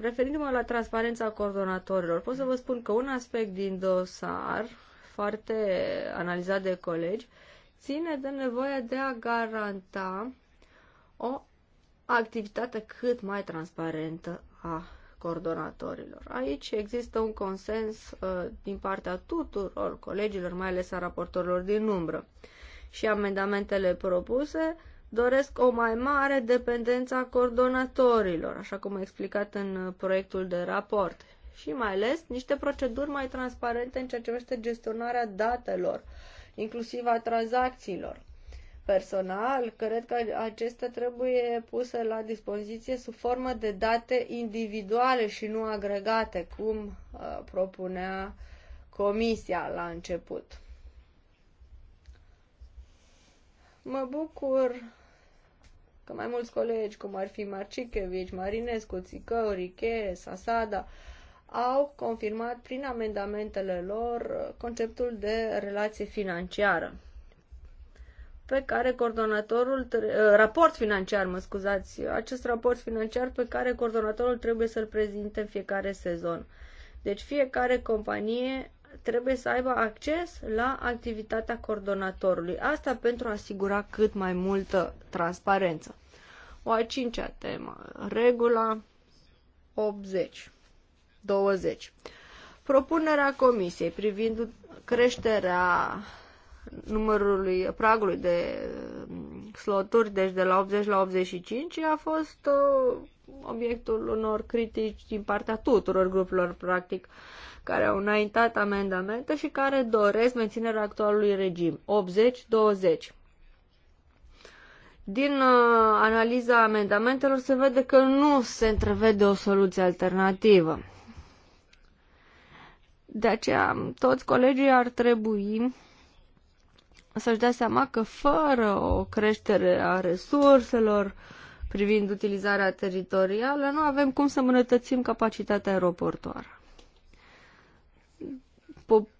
Referindu-mă la transparența coordonatorilor, pot să vă spun că un aspect din dosar, foarte analizat de colegi, ține de nevoia de a garanta o activitate cât mai transparentă a coordonatorilor. Aici există un consens uh, din partea tuturor colegilor, mai ales a raportorilor din umbră. Și amendamentele propuse doresc o mai mare dependență a coordonatorilor, așa cum a explicat în uh, proiectul de raport, și mai ales niște proceduri mai transparente în ceea ce privește gestionarea datelor, inclusiv a tranzacțiilor personal, cred că acestea trebuie puse la dispoziție sub formă de date individuale și nu agregate, cum uh, propunea comisia la început. Mă bucur că mai mulți colegi, cum ar fi Marcichevici, Marinescu, Țicău, Riche, Sasada, au confirmat prin amendamentele lor conceptul de relație financiară pe care coordonatorul, uh, raport financiar, mă scuzați, acest raport financiar pe care coordonatorul trebuie să-l prezinte în fiecare sezon. Deci fiecare companie trebuie să aibă acces la activitatea coordonatorului. Asta pentru a asigura cât mai multă transparență. O a cincea temă, regula 80. 20. Propunerea Comisiei privind creșterea numărului pragului de mm, sloturi, deci de la 80 la 85, a fost uh, obiectul unor critici din partea tuturor grupurilor, practic, care au înaintat amendamente și care doresc menținerea actualului regim, 80-20. Din uh, analiza amendamentelor se vede că nu se întrevede o soluție alternativă. De aceea, toți colegii ar trebui să-și dea seama că fără o creștere a resurselor privind utilizarea teritorială, nu avem cum să îmbunătățim capacitatea aeroportoară.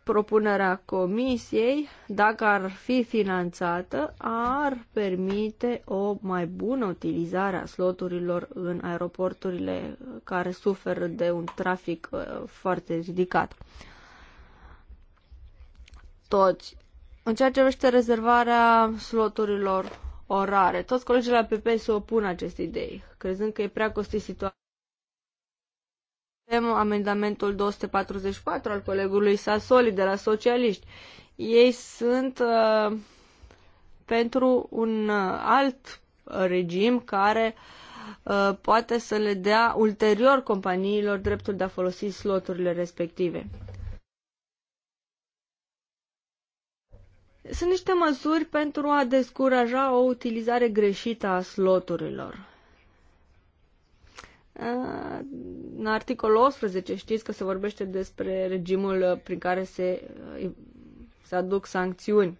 Propunerea comisiei, dacă ar fi finanțată, ar permite o mai bună utilizare a sloturilor în aeroporturile care suferă de un trafic uh, foarte ridicat toți în ceea ce privește rezervarea sloturilor orare, toți colegii la PP se opun acestei idei, crezând că e prea costisitoare. Avem amendamentul 244 al colegului Sasoli de la socialiști. Ei sunt uh, pentru un uh, alt regim care uh, poate să le dea ulterior companiilor dreptul de a folosi sloturile respective. Sunt niște măsuri pentru a descuraja o utilizare greșită a sloturilor. În articolul 18 știți că se vorbește despre regimul prin care se, se aduc sancțiuni.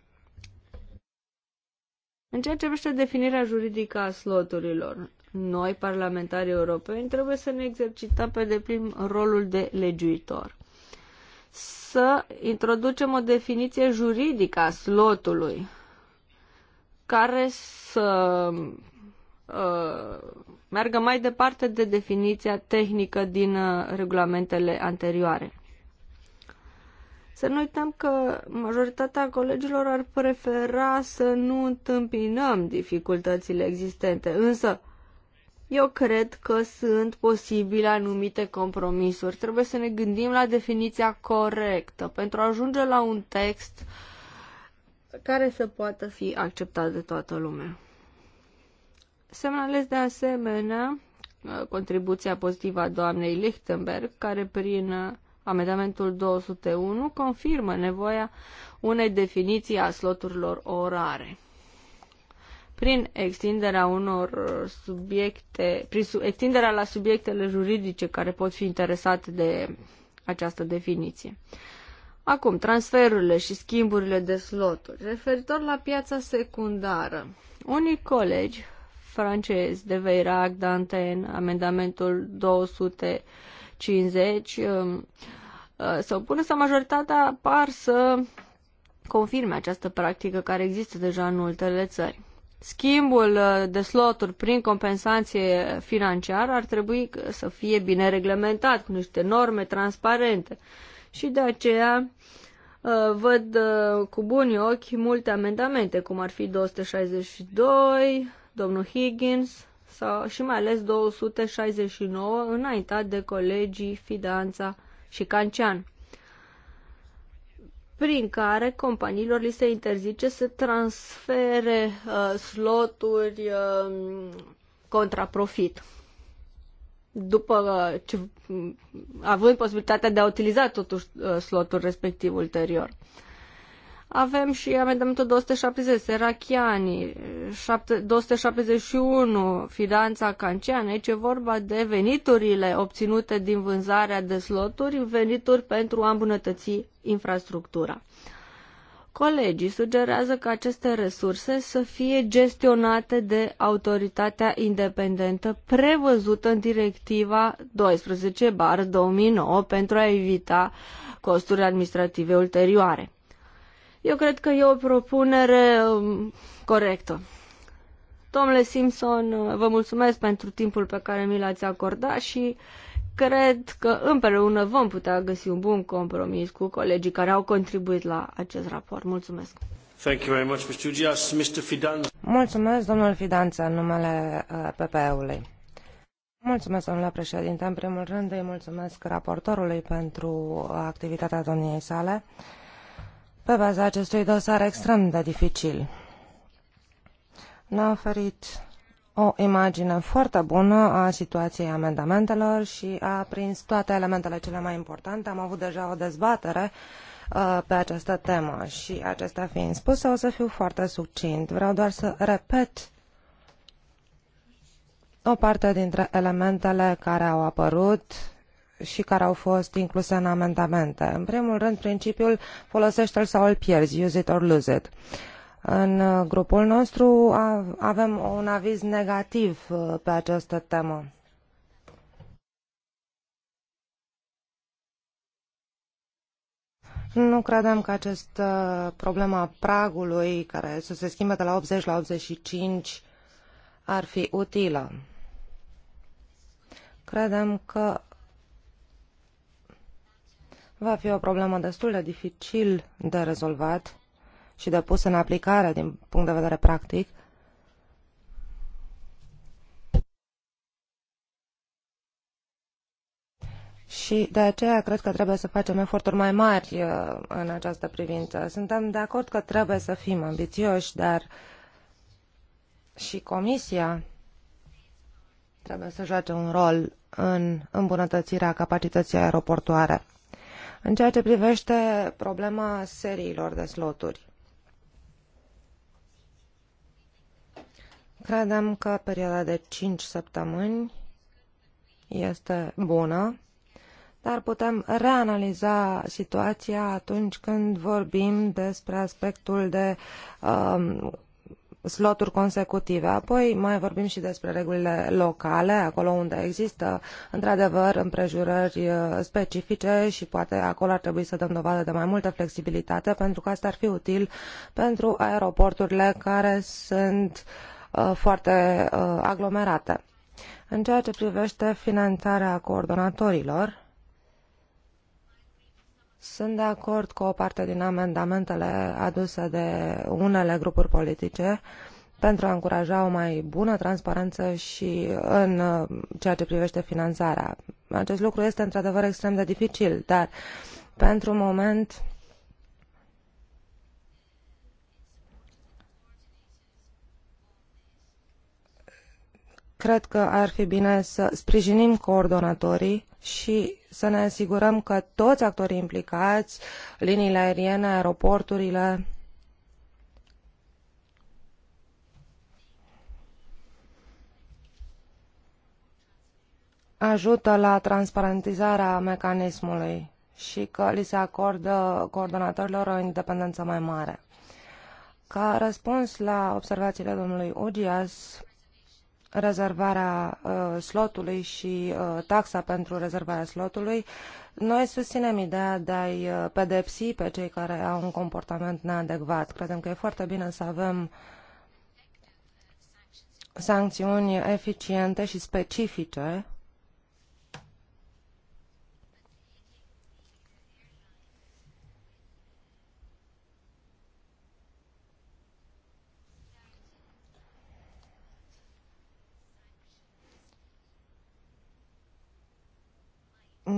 În ceea ce privește definirea juridică a sloturilor, noi, parlamentarii europeni, trebuie să ne exercităm pe deplin rolul de legiuitor să introducem o definiție juridică a slotului care să uh, meargă mai departe de definiția tehnică din uh, regulamentele anterioare. Să nu uităm că majoritatea colegilor ar prefera să nu întâmpinăm dificultățile existente, însă eu cred că sunt posibile anumite compromisuri. Trebuie să ne gândim la definiția corectă pentru a ajunge la un text care să poată fi acceptat de toată lumea. Semnalez de asemenea uh, contribuția pozitivă a doamnei Lichtenberg, care prin uh, amendamentul 201 confirmă nevoia unei definiții a sloturilor orare prin extinderea unor subiecte, prin extinderea la subiectele juridice care pot fi interesate de această definiție. Acum, transferurile și schimburile de sloturi. Referitor la piața secundară, unii colegi francezi de Veirac, Danten, amendamentul 250, se opune să majoritatea par să confirme această practică care există deja în multele țări schimbul uh, de sloturi prin compensație financiară ar trebui să fie bine reglementat, cu niște norme transparente. Și de aceea uh, văd uh, cu buni ochi multe amendamente, cum ar fi 262, domnul Higgins sau, și mai ales 269 înaintat de colegii Fidanța și Cancian prin care companiilor li se interzice să transfere uh, sloturi uh, contra profit. După uh, ce, având posibilitatea de a utiliza totuși uh, slotul respectiv ulterior. Uh, avem și amendamentul 270, Serachiani, 271, Fidanța Cancean. Aici e vorba de veniturile obținute din vânzarea de sloturi, venituri pentru a îmbunătăți infrastructura. Colegii sugerează că aceste resurse să fie gestionate de autoritatea independentă prevăzută în directiva 12 bar 2009 pentru a evita costuri administrative ulterioare. Eu cred că e o propunere um, corectă. Domnule Simpson, vă mulțumesc pentru timpul pe care mi l-ați acordat și cred că împreună vom putea găsi un bun compromis
cu colegii care au contribuit la acest raport. Mulțumesc!
Thank you very much, Mr. Ugias. Mr.
Mulțumesc, domnul Fidanță, în numele uh, PPE-ului. Mulțumesc, domnule președinte. În primul rând îi mulțumesc raportorului pentru activitatea domniei sale pe baza acestui dosar extrem de dificil. Ne-a oferit o imagine foarte bună a situației amendamentelor și a prins toate elementele cele mai importante. Am avut deja o dezbatere uh, pe această temă și acestea fiind spuse o să fiu foarte succint. Vreau doar să repet o parte dintre elementele care au apărut și care au fost incluse în amendamente. În primul rând, principiul folosește-l sau îl pierzi, use it or lose it. În uh, grupul nostru avem un aviz negativ uh, pe această temă. Nu credem că această uh, problemă a pragului, care să se schimbe de la 80 la 85, ar fi utilă. Credem că va fi o problemă destul de dificil de rezolvat și de pus în aplicare din punct de vedere practic. Și de aceea cred că trebuie să facem eforturi mai mari uh, în această privință. Suntem de acord că trebuie să fim ambițioși, dar și Comisia trebuie să joace un rol în îmbunătățirea capacității aeroportoare. În ceea ce privește problema seriilor de sloturi, credem că perioada de 5 săptămâni este bună, dar putem reanaliza situația atunci când vorbim despre aspectul de uh, sloturi consecutive. Apoi mai vorbim și despre regulile locale, acolo unde există într-adevăr împrejurări uh, specifice și poate acolo ar trebui să dăm dovadă de mai multă flexibilitate pentru că asta ar fi util pentru aeroporturile care sunt uh, foarte uh, aglomerate. În ceea ce privește finanțarea coordonatorilor, sunt de acord cu o parte din amendamentele aduse de unele grupuri politice pentru a încuraja o mai bună transparență și în uh, ceea ce privește finanțarea. Acest lucru este într-adevăr extrem de dificil, dar pentru moment Cred că ar fi bine să sprijinim coordonatorii și să ne asigurăm că toți actorii implicați, liniile aeriene, aeroporturile, ajută la transparentizarea mecanismului și că li se acordă coordonatorilor o independență mai mare. Ca răspuns la observațiile domnului Ugias, rezervarea uh, slotului și uh, taxa pentru rezervarea slotului, noi susținem ideea de a-i uh, pedepsi pe cei care au un comportament neadecvat. Credem că e foarte bine să avem sancțiuni eficiente și specifice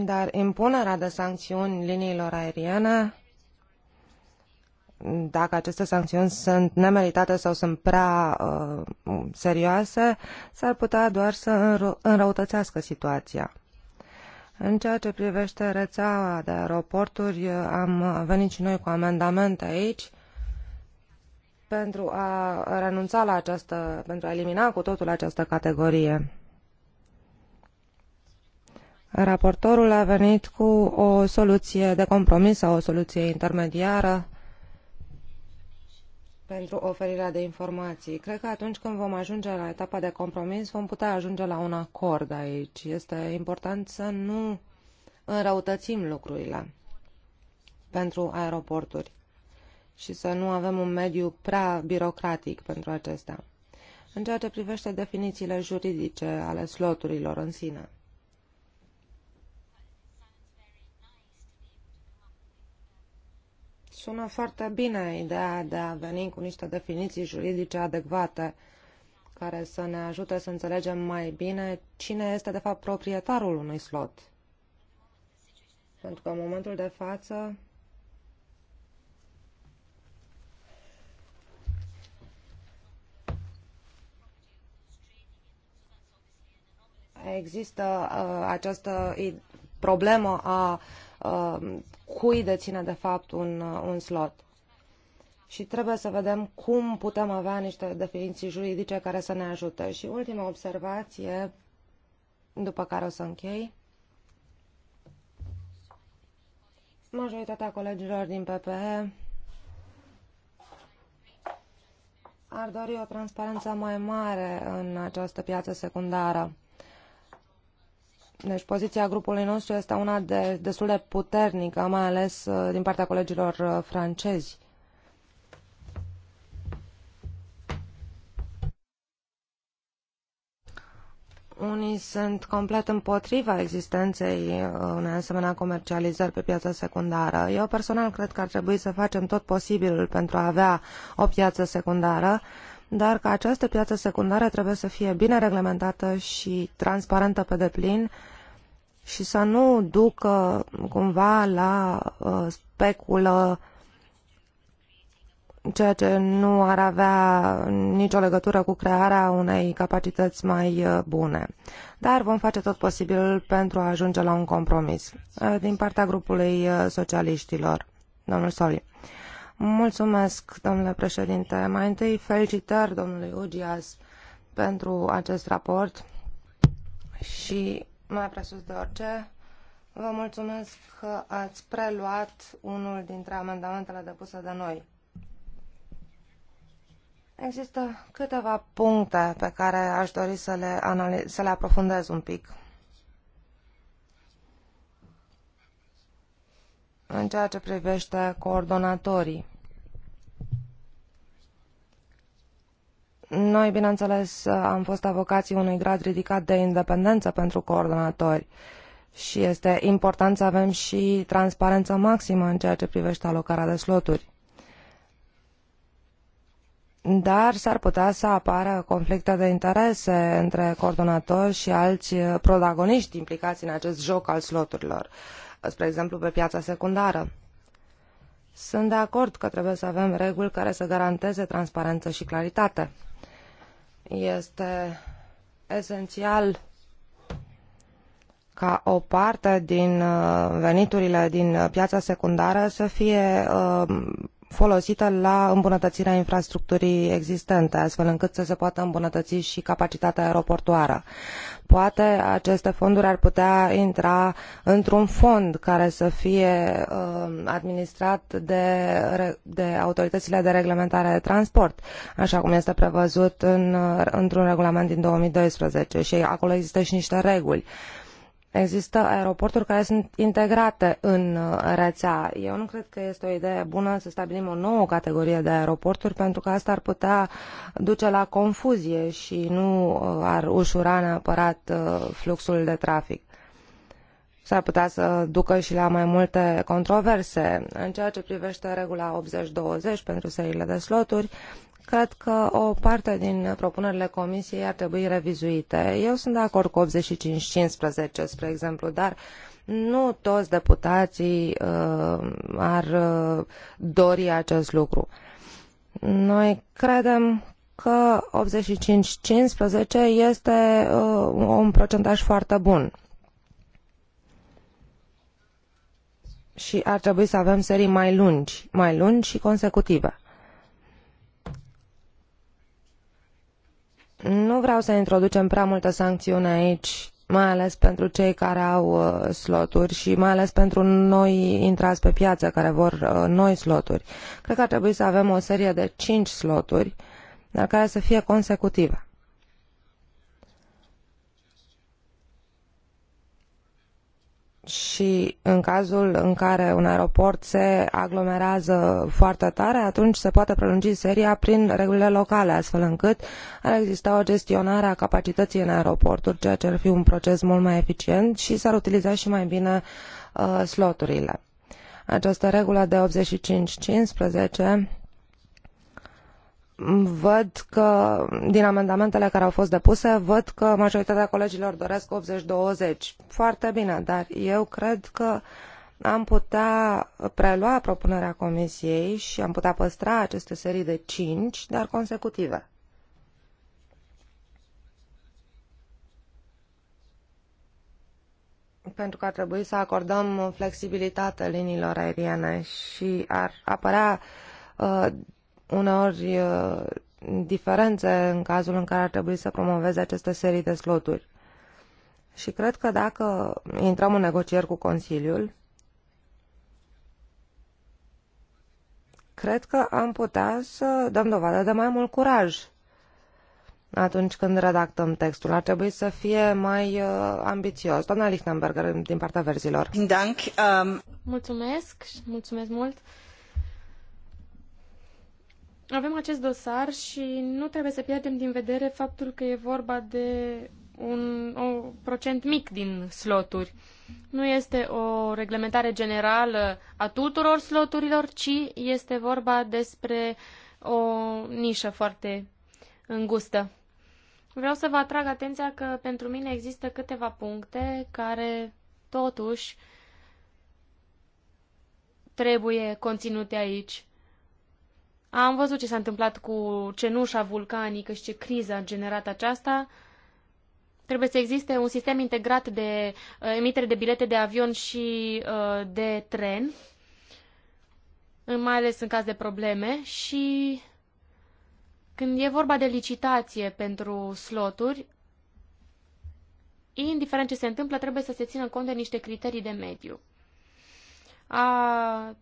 Dar impunerea de sancțiuni liniilor aeriene, dacă aceste sancțiuni sunt nemeritate sau sunt prea uh, serioase, s-ar putea doar să înrăutățească situația. În ceea ce privește rețeaua de aeroporturi, am venit și noi cu amendamente aici pentru a renunța la această, pentru a elimina cu totul această categorie. Raportorul a venit cu o soluție de compromis sau o soluție intermediară pentru oferirea de informații. Cred că atunci când vom ajunge la etapa de compromis, vom putea ajunge la un acord aici. Este important să nu înrăutățim lucrurile pentru aeroporturi și să nu avem un mediu prea birocratic pentru acestea. În ceea ce privește definițiile juridice ale sloturilor în sine. Sună foarte bine ideea de a veni cu niște definiții juridice adecvate care să ne ajute să înțelegem mai bine cine este de fapt proprietarul unui slot. Pentru că în momentul de față există uh, această problemă a Um, cui deține de fapt un, uh, un slot. Și trebuie să vedem cum putem avea niște definiții juridice care să ne ajute. Și ultima observație, după care o să închei. Majoritatea colegilor din PPE ar dori o transparență mai mare în această piață secundară. Deci poziția grupului nostru este una de, destul de puternică, mai ales uh, din partea colegilor uh, francezi. Unii sunt complet împotriva existenței uh, unei asemenea comercializări pe piața secundară. Eu personal cred că ar trebui să facem tot posibilul pentru a avea o piață secundară, uh, dar că această piață secundară trebuie să fie bine reglementată și transparentă pe deplin și să nu ducă cumva la uh, speculă ceea ce nu ar avea nicio legătură cu crearea unei capacități mai uh, bune. Dar vom face tot posibilul pentru a ajunge la un compromis uh, din partea grupului uh, socialiștilor. Domnul Soli domnule președinte. Mai întâi, felicitări domnului augias pentru acest raport și, mai presus de orice, vă mulțumesc că ați preluat unul dintre amendamentele depuse de noi. Există câteva puncte pe care aș dori să le, analiz- să le aprofundez un pic. în ceea ce privește coordonatorii. Noi, bineînțeles, am fost avocații unui grad ridicat de independență pentru coordonatori și este important să avem și transparență maximă în ceea ce privește alocarea de sloturi. Dar s-ar putea să apară conflicte de interese între coordonatori și alți protagoniști implicați în acest joc al sloturilor spre exemplu, pe piața secundară. Sunt de acord că trebuie să avem reguli care să garanteze transparență și claritate. Este esențial ca o parte din uh, veniturile din uh, piața secundară să fie uh, folosită la îmbunătățirea infrastructurii existente, astfel încât să se poată îmbunătăți și capacitatea aeroportuară. Poate aceste fonduri ar putea intra într-un fond care să fie uh, administrat de, de autoritățile de reglementare de transport, așa cum este prevăzut în, uh, într-un regulament din 2012 și acolo există și niște reguli. Uh, Există aeroporturi care sunt integrate în uh, rețea. Eu nu cred că este o idee bună să stabilim o nouă categorie de aeroporturi, pentru că asta ar putea duce la confuzie și nu uh, ar ușura neapărat uh, fluxul de trafic s-ar putea să ducă și la mai multe controverse. În ceea ce privește regula 80-20 pentru seriile de sloturi, cred că o parte din propunerile comisiei ar trebui revizuite. Eu sunt de acord cu 85-15, spre exemplu, dar nu toți deputații uh, ar uh, dori acest lucru. Noi credem că 85-15 este uh, un procentaj foarte bun și ar trebui să avem serii mai lungi, mai lungi și consecutive. Nu vreau să introducem prea multă sancțiune aici, mai ales pentru cei care au uh, sloturi și mai ales pentru noi intrați pe piață care vor uh, noi sloturi. Cred că ar trebui să avem o serie de cinci sloturi, dar care să fie consecutive. și în cazul în care un aeroport se aglomerează foarte tare, atunci se poate prelungi seria prin regulile locale, astfel încât ar exista o gestionare a capacității în aeroporturi, ceea ce ar fi un proces mult mai eficient și s-ar utiliza și mai bine uh, sloturile. Această regulă de 85-15 văd că din amendamentele care au fost depuse văd că majoritatea colegilor doresc 80-20. Foarte bine, dar eu cred că am putea prelua propunerea comisiei și am putea păstra aceste serii de cinci, dar consecutive. pentru că ar trebui să acordăm flexibilitate liniilor aeriene și ar apărea uh, uneori diferențe în cazul în care ar trebui să promoveze aceste serii de sloturi. Și cred că dacă intrăm în negocieri cu Consiliul, cred că am putea să dăm dovadă de mai mult curaj atunci când redactăm textul. Ar trebui să fie mai uh, ambițios. Doamna Lichtenberger, din partea verzilor. Um,
mulțumesc, mulțumesc mult. Uh, avem acest dosar și nu trebuie să pierdem din vedere faptul că e vorba de un o procent mic din sloturi. Nu este o reglementare generală a tuturor sloturilor, ci este vorba despre o nișă foarte îngustă. Vreau să vă atrag atenția că pentru mine există câteva puncte care totuși trebuie conținute aici. Am văzut ce s-a întâmplat cu cenușa vulcanică și ce criză a generat aceasta. Trebuie să existe un sistem integrat de uh, emitere de bilete de avion și uh, de tren, mai ales în caz de probleme și când e vorba de licitație pentru sloturi, indiferent ce se întâmplă, trebuie să se țină cont de niște criterii de mediu. A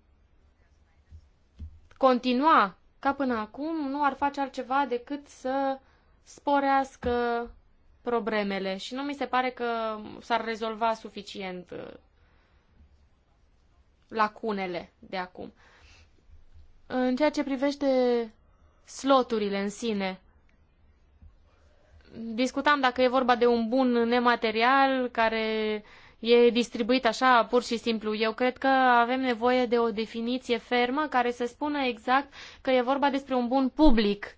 continua ca până acum, nu ar face altceva decât să sporească problemele și nu mi se pare că s-ar rezolva suficient uh, lacunele de acum. În ceea ce privește sloturile în sine, discutam dacă e vorba de un bun nematerial care uh, e distribuit așa pur și simplu. Eu cred că avem nevoie de o definiție fermă care să spună exact că e vorba despre un bun public.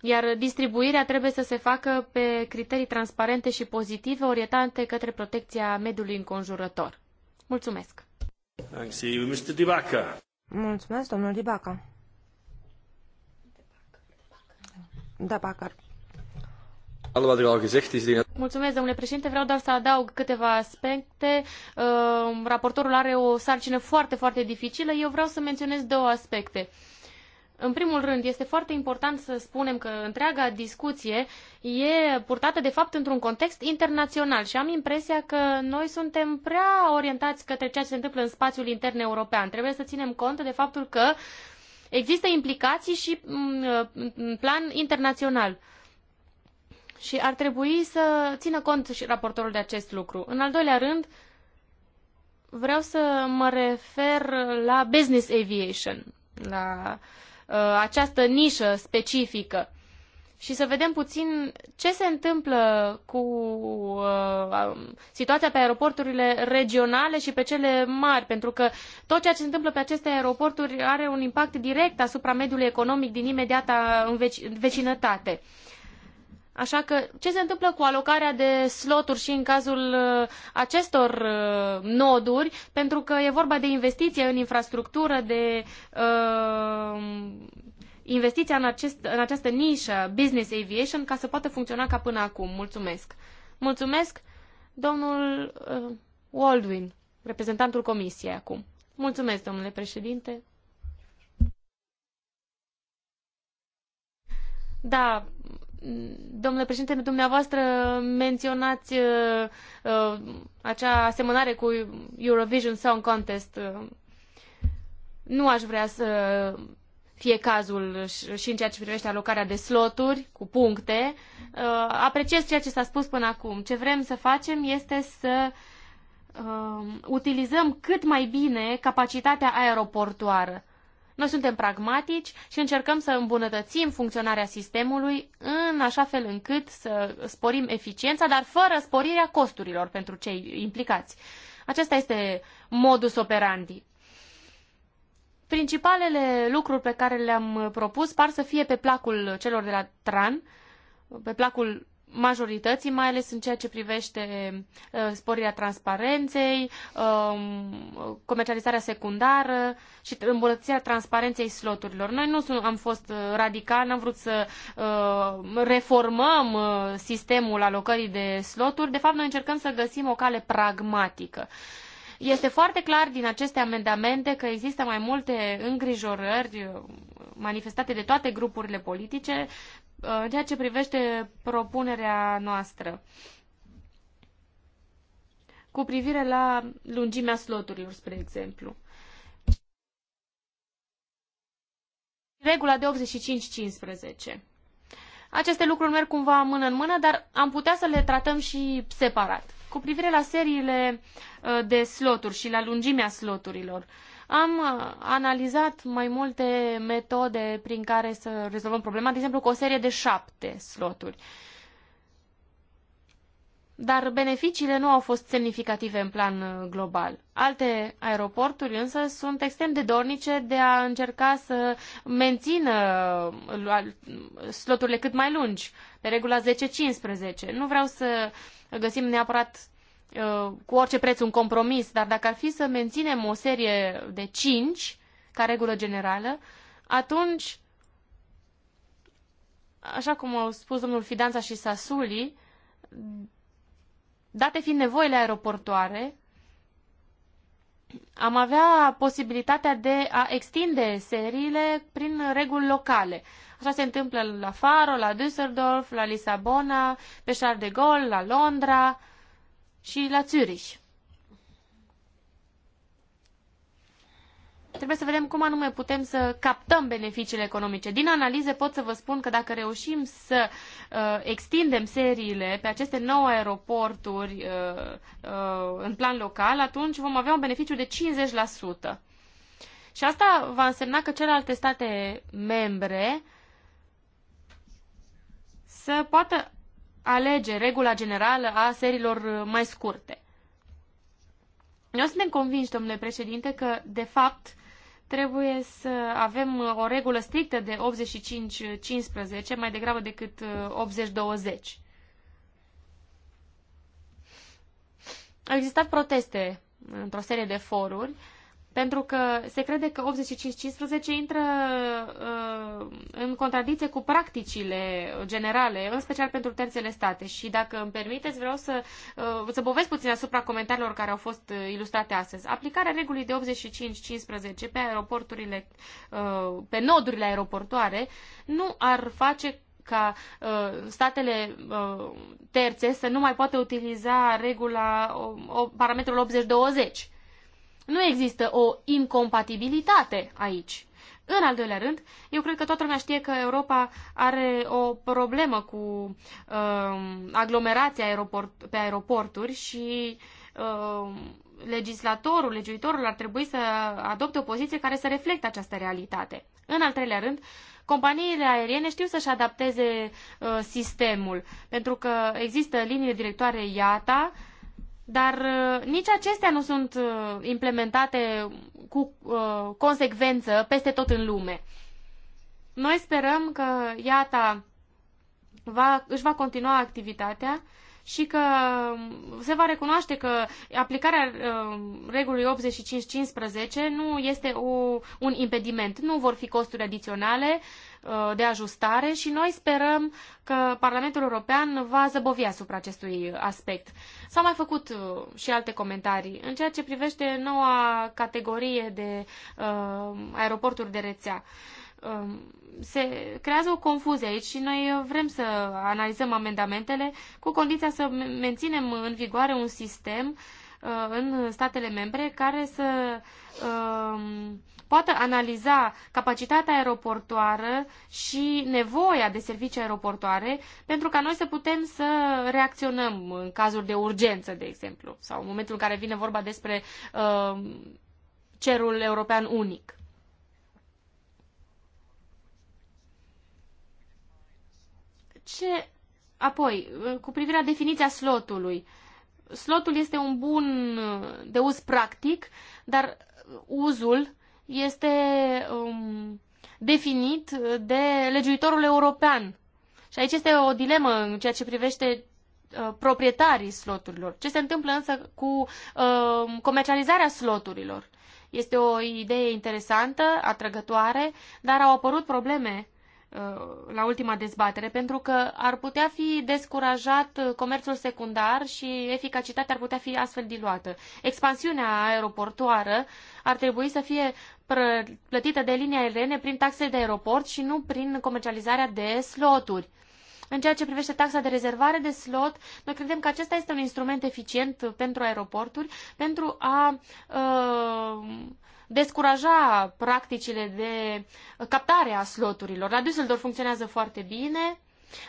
Iar distribuirea trebuie să se facă pe criterii transparente și pozitive, orientate către protecția mediului înconjurător. Mulțumesc! Mulțumesc, domnul Dibaca. Da, Bacar. Er Mulțumesc, domnule președinte. Vreau doar să adaug câteva aspecte. Um, raportorul are o sarcină foarte, foarte dificilă. Eu vreau să menționez două aspecte. În primul rând, este foarte important să spunem că întreaga discuție e purtată, de fapt, într-un context internațional și am impresia că noi suntem prea orientați către ceea ce se întâmplă în spațiul intern european. Trebuie să ținem cont de faptul că există implicații și mm, în plan internațional și ar trebui să țină cont și raportorul de acest lucru. În al doilea rând, vreau să mă refer la business aviation, la uh, această nișă specifică și să vedem puțin ce se întâmplă cu uh, um, situația pe aeroporturile regionale și pe cele mari, pentru că tot ceea ce se întâmplă pe aceste aeroporturi are un impact direct asupra mediului economic din imediata înveci- vecinătate. Uh, Așa că ce se întâmplă cu alocarea de sloturi și în cazul uh, acestor uh, noduri, pentru că e vorba de investiție în infrastructură, de uh, investiția în, acest, în această nișă business aviation ca să poată funcționa ca până acum. Mulțumesc. Mulțumesc, domnul uh, Waldwin, reprezentantul comisiei acum. Mulțumesc, domnule președinte. Da, Domnule președinte, dumneavoastră menționați uh, uh, acea asemănare cu Eurovision Song Contest. Nu aș vrea să fie cazul și în ceea ce privește alocarea de sloturi cu puncte. Uh, apreciez ceea ce s-a spus până acum. Ce vrem să facem este să uh, utilizăm cât mai bine capacitatea aeroportoară noi suntem pragmatici și încercăm să îmbunătățim funcționarea sistemului în așa fel încât să sporim eficiența, dar fără sporirea costurilor pentru cei implicați. Acesta este modus operandi. Principalele lucruri pe care le-am propus par să fie pe placul celor de la TRAN, pe placul majorității, mai ales în ceea ce privește uh, sporirea transparenței, um, comercializarea secundară și îmbunătățirea transparenței sloturilor. Noi nu am fost uh, radicali, n-am vrut să uh, reformăm sistemul alocării de sloturi. De fapt, noi încercăm să găsim o cale pragmatică. Este foarte clar din aceste amendamente că există mai multe îngrijorări manifestate de toate grupurile politice în ceea ce privește propunerea noastră cu privire la lungimea sloturilor, spre exemplu. Regula de 85-15. Aceste lucruri merg cumva mână în mână, dar am putea să le tratăm și separat. Cu privire la seriile uh, de sloturi și la lungimea sloturilor, uh, am uh, analizat mai multe metode prin care să rezolvăm problema, de exemplu cu o serie de șapte sloturi. Dar beneficiile nu au fost semnificative în plan uh, global. Alte aeroporturi însă sunt extrem de dornice de a încerca să mențină uh, sloturile cât mai lungi, de regula 10-15. Nu vreau să găsim neapărat cu orice preț un compromis, dar dacă ar fi să menținem o serie de 5 ca regulă generală, atunci, așa cum au spus domnul Fidanța și Sasuli, date fiind nevoile aeroportoare, am avea posibilitatea de a extinde seriile prin reguli locale. Așa se întâmplă la Faro, la Düsseldorf, la Lisabona, pe Charles de Gaulle, la Londra, și la Zürich. Trebuie să vedem cum anume putem să captăm beneficiile economice. Din analize pot să vă spun că dacă reușim să uh, extindem seriile pe aceste nouă aeroporturi uh, uh, în plan local, atunci vom avea un beneficiu de 50%. Și asta va însemna că celelalte state membre să poată alege regula generală a serilor uh, mai scurte. Noi suntem convinși, domnule președinte, că, de fapt, trebuie să avem uh, o regulă strictă de 85-15, mai degrabă decât 80-20. Uh, Au existat proteste într-o serie de foruri pentru că se crede că 85-15 intră uh, în contradicție cu practicile generale, în special pentru terțele state. Și dacă îmi permiteți, vreau să, uh, să povesc puțin asupra comentariilor care au fost uh, ilustrate astăzi. Aplicarea regulii de 85-15 pe aeroporturile, uh, pe nodurile aeroportoare, nu ar face ca uh, statele uh, terțe să nu mai poată utiliza regula, o, uh, o, parametrul 80-20 nu există o incompatibilitate aici. În al doilea rând, eu cred că toată lumea știe că Europa are o problemă cu uh, aglomerația aeroport, pe aeroporturi și uh, legislatorul, legiuitorul ar trebui să adopte o poziție care să reflecte această realitate. În al treilea rând, companiile aeriene știu să-și adapteze uh, sistemul, pentru că există linii directoare IATA, uh, dar uh, nici acestea nu sunt uh, implementate cu uh, consecvență peste tot în lume. Noi sperăm că IATA va, își va continua activitatea și că se va recunoaște că aplicarea uh, regulii 85-15 nu este o, un impediment. Nu vor fi costuri adiționale uh, de ajustare și noi sperăm că Parlamentul European va zăbovi asupra acestui aspect. S-au mai făcut uh, și alte comentarii în ceea ce privește noua categorie de uh, aeroporturi de rețea. Uh, Um, se creează o confuzie aici și noi vrem să analizăm amendamentele cu condiția să menținem în vigoare un sistem uh, în statele membre care să um, poată analiza capacitatea aeroportoară și nevoia de servicii aeroportoare pentru ca noi să putem să reacționăm în cazuri de urgență, de exemplu, sau în momentul în care vine vorba despre um, cerul european unic. ce... Apoi, cu privire la definiția slotului, slotul este un bun uh, de uz practic, dar uzul este um, definit de legiuitorul european. Și aici este o dilemă în ceea ce privește uh, proprietarii sloturilor. Ce se întâmplă însă cu uh, comercializarea sloturilor? Este o idee interesantă, atrăgătoare, dar au apărut probleme Uh, la ultima dezbatere, pentru că ar putea fi descurajat comerțul secundar și eficacitatea ar putea fi astfel diluată. Expansiunea aeroportoară ar trebui să fie plătită de linia aeriene prin taxe de aeroport și nu prin comercializarea de sloturi. În ceea ce privește taxa de rezervare de slot, noi credem că acesta este un instrument eficient pentru aeroporturi pentru a uh, descuraja practicile de captare a sloturilor. La Düsseldorf funcționează foarte bine,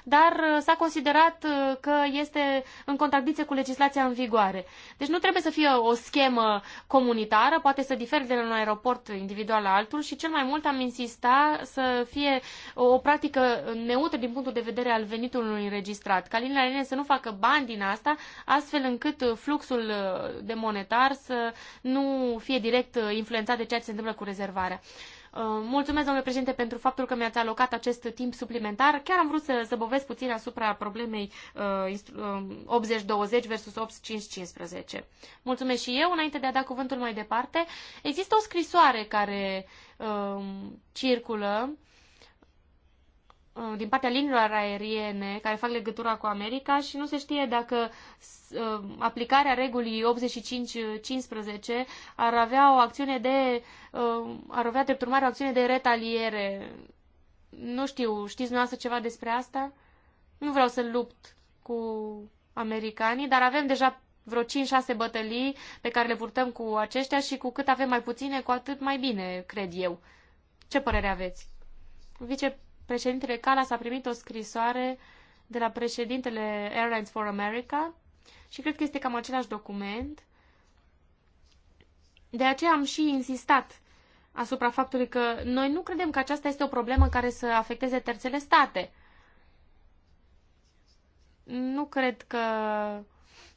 dar uh, s-a considerat uh, că este în contradicție cu legislația în vigoare. Deci nu trebuie să fie o schemă comunitară, poate să difere de la un aeroport individual la altul și cel mai mult am insista să fie o practică neutră din punctul de vedere al venitului înregistrat, ca liniile aeriene să nu facă bani din asta, astfel încât uh, fluxul de monetar să nu fie direct influențat de ceea ce se întâmplă cu rezervarea. Uh, mulțumesc, domnule președinte, pentru faptul că mi-ați alocat acest timp suplimentar. Chiar am vrut să zăbovesc puțin asupra problemei 80-20 uh, uh, versus 85-15. Mulțumesc și eu. Înainte de a da cuvântul mai departe, există o scrisoare care circulă uh, Uh, din partea liniilor aeriene care fac legătura cu America și nu se știe dacă uh, aplicarea regulii 85-15 ar avea o acțiune de, uh, ar avea drept urmare o acțiune de retaliere. Nu știu, știți dumneavoastră ceva despre asta? Nu vreau să lupt cu americanii, dar avem deja vreo 5-6 bătălii pe care le purtăm cu aceștia și cu cât avem mai puține, cu atât mai bine, cred eu. Ce părere aveți? Vice președintele Calas a primit o scrisoare de la președintele Airlines for America și cred că este cam același document. De aceea am și insistat asupra faptului că noi nu credem că aceasta este o problemă care să afecteze terțele state. Nu cred că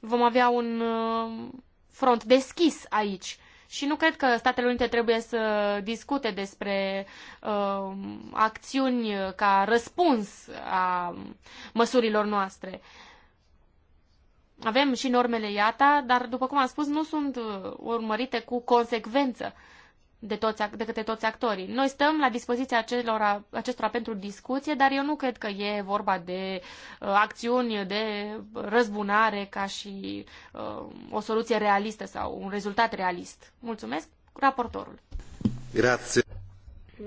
vom avea un uh, front deschis aici. Și nu cred că Statele Unite trebuie să discute despre uh, acțiuni ca răspuns a măsurilor noastre. Avem și normele IATA, dar, după cum am spus, nu sunt uh, urmărite cu consecvență. Uh, de, toți, de către toți actorii. Noi stăm la dispoziția acelora, acestora pentru discuție, dar eu nu cred că e vorba de uh, acțiuni de răzbunare ca și uh, o soluție realistă sau un rezultat realist. Mulțumesc, raportorul. Grație.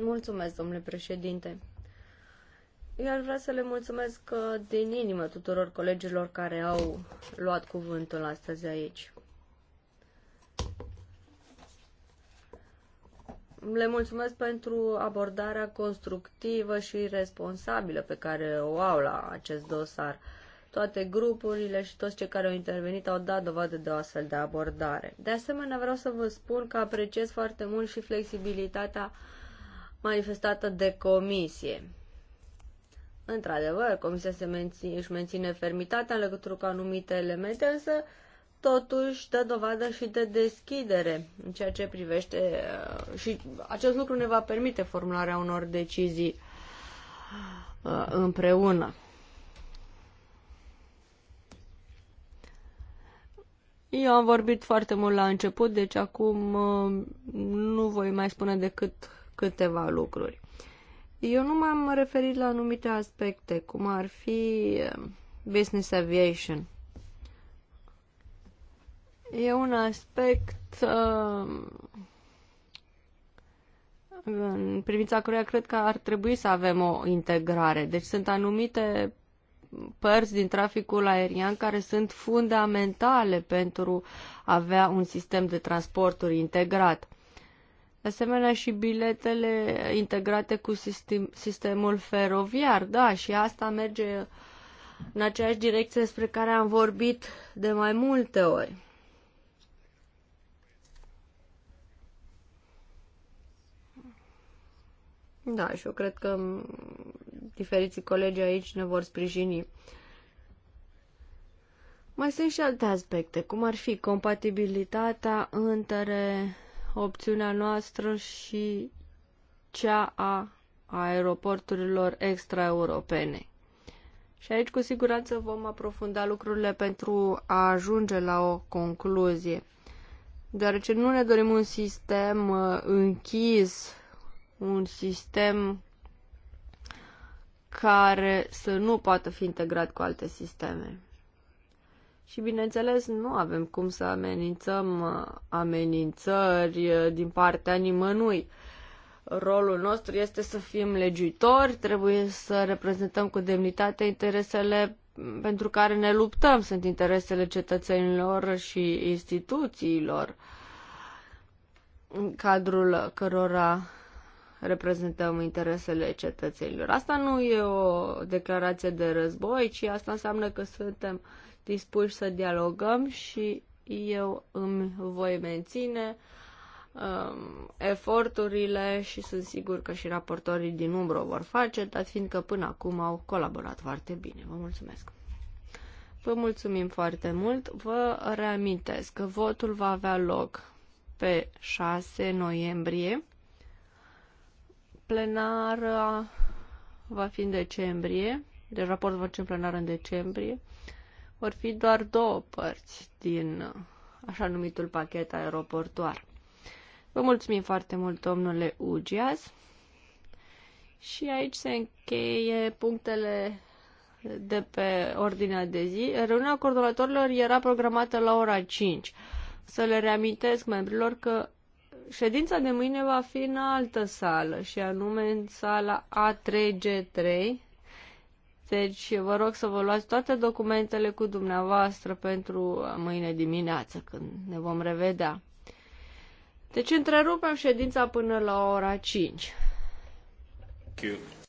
Mulțumesc, domnule președinte.
Eu aș vrea să le mulțumesc uh, din inimă tuturor colegilor care au luat cuvântul astăzi aici. le mulțumesc pentru abordarea constructivă și responsabilă pe care o au la acest dosar. Toate grupurile și toți cei care au intervenit au dat dovadă de o astfel de abordare. De asemenea, vreau să vă spun că apreciez foarte mult și flexibilitatea manifestată de comisie. Într-adevăr, comisia se menține, își menține fermitatea în legătură cu anumite elemente, însă totuși dă dovadă și de deschidere în ceea ce privește uh, și acest lucru ne va permite formularea unor decizii uh, împreună. Eu am vorbit foarte mult la început, deci acum uh, nu voi mai spune decât câteva lucruri. Eu nu m-am referit la anumite aspecte, cum ar fi business aviation. E un aspect uh, în privința căruia cred că ar trebui să avem o integrare. Deci sunt anumite părți din traficul aerian care sunt fundamentale pentru a avea un sistem de transporturi integrat. De asemenea și biletele integrate cu sistem, sistemul feroviar, da, și asta merge în aceeași direcție despre care am vorbit de mai multe ori. Da, și eu cred că diferiții colegi aici ne vor sprijini. Mai sunt și alte aspecte, cum ar fi compatibilitatea între opțiunea noastră și cea a aeroporturilor extraeuropene. Și aici cu siguranță vom aprofunda lucrurile pentru a ajunge la o concluzie. Deoarece nu ne dorim un sistem uh, închis un sistem care să nu poată fi integrat cu alte sisteme. Și bineînțeles, nu avem cum să amenințăm uh, amenințări uh, din partea nimănui. Rolul nostru este să fim legiuitori, trebuie să reprezentăm cu demnitate interesele pentru care ne luptăm, sunt interesele cetățenilor și instituțiilor în cadrul cărora reprezentăm interesele cetățenilor. Asta nu e o declarație de război, ci asta înseamnă că suntem dispuși să dialogăm și eu îmi voi menține um, eforturile și sunt sigur că și raportorii din umbră o vor face, dat fiindcă până acum au colaborat foarte bine. Vă mulțumesc! Vă mulțumim foarte mult. Vă reamintesc că votul va avea loc pe 6 noiembrie Plenara va fi în decembrie, deci raportul va fi în plenară în decembrie. Vor fi doar două părți din așa numitul pachet aeroportuar. Vă mulțumim foarte mult, domnule Ugias. Și aici se încheie punctele de pe ordinea de zi. Reuniunea coordonatorilor era programată la ora 5. Să le reamintesc membrilor că Ședința de mâine va fi în altă sală și anume în sala A3G3. Deci vă rog să vă luați toate documentele cu dumneavoastră pentru mâine dimineață când ne vom revedea. Deci întrerupem ședința până la ora 5. Thank you.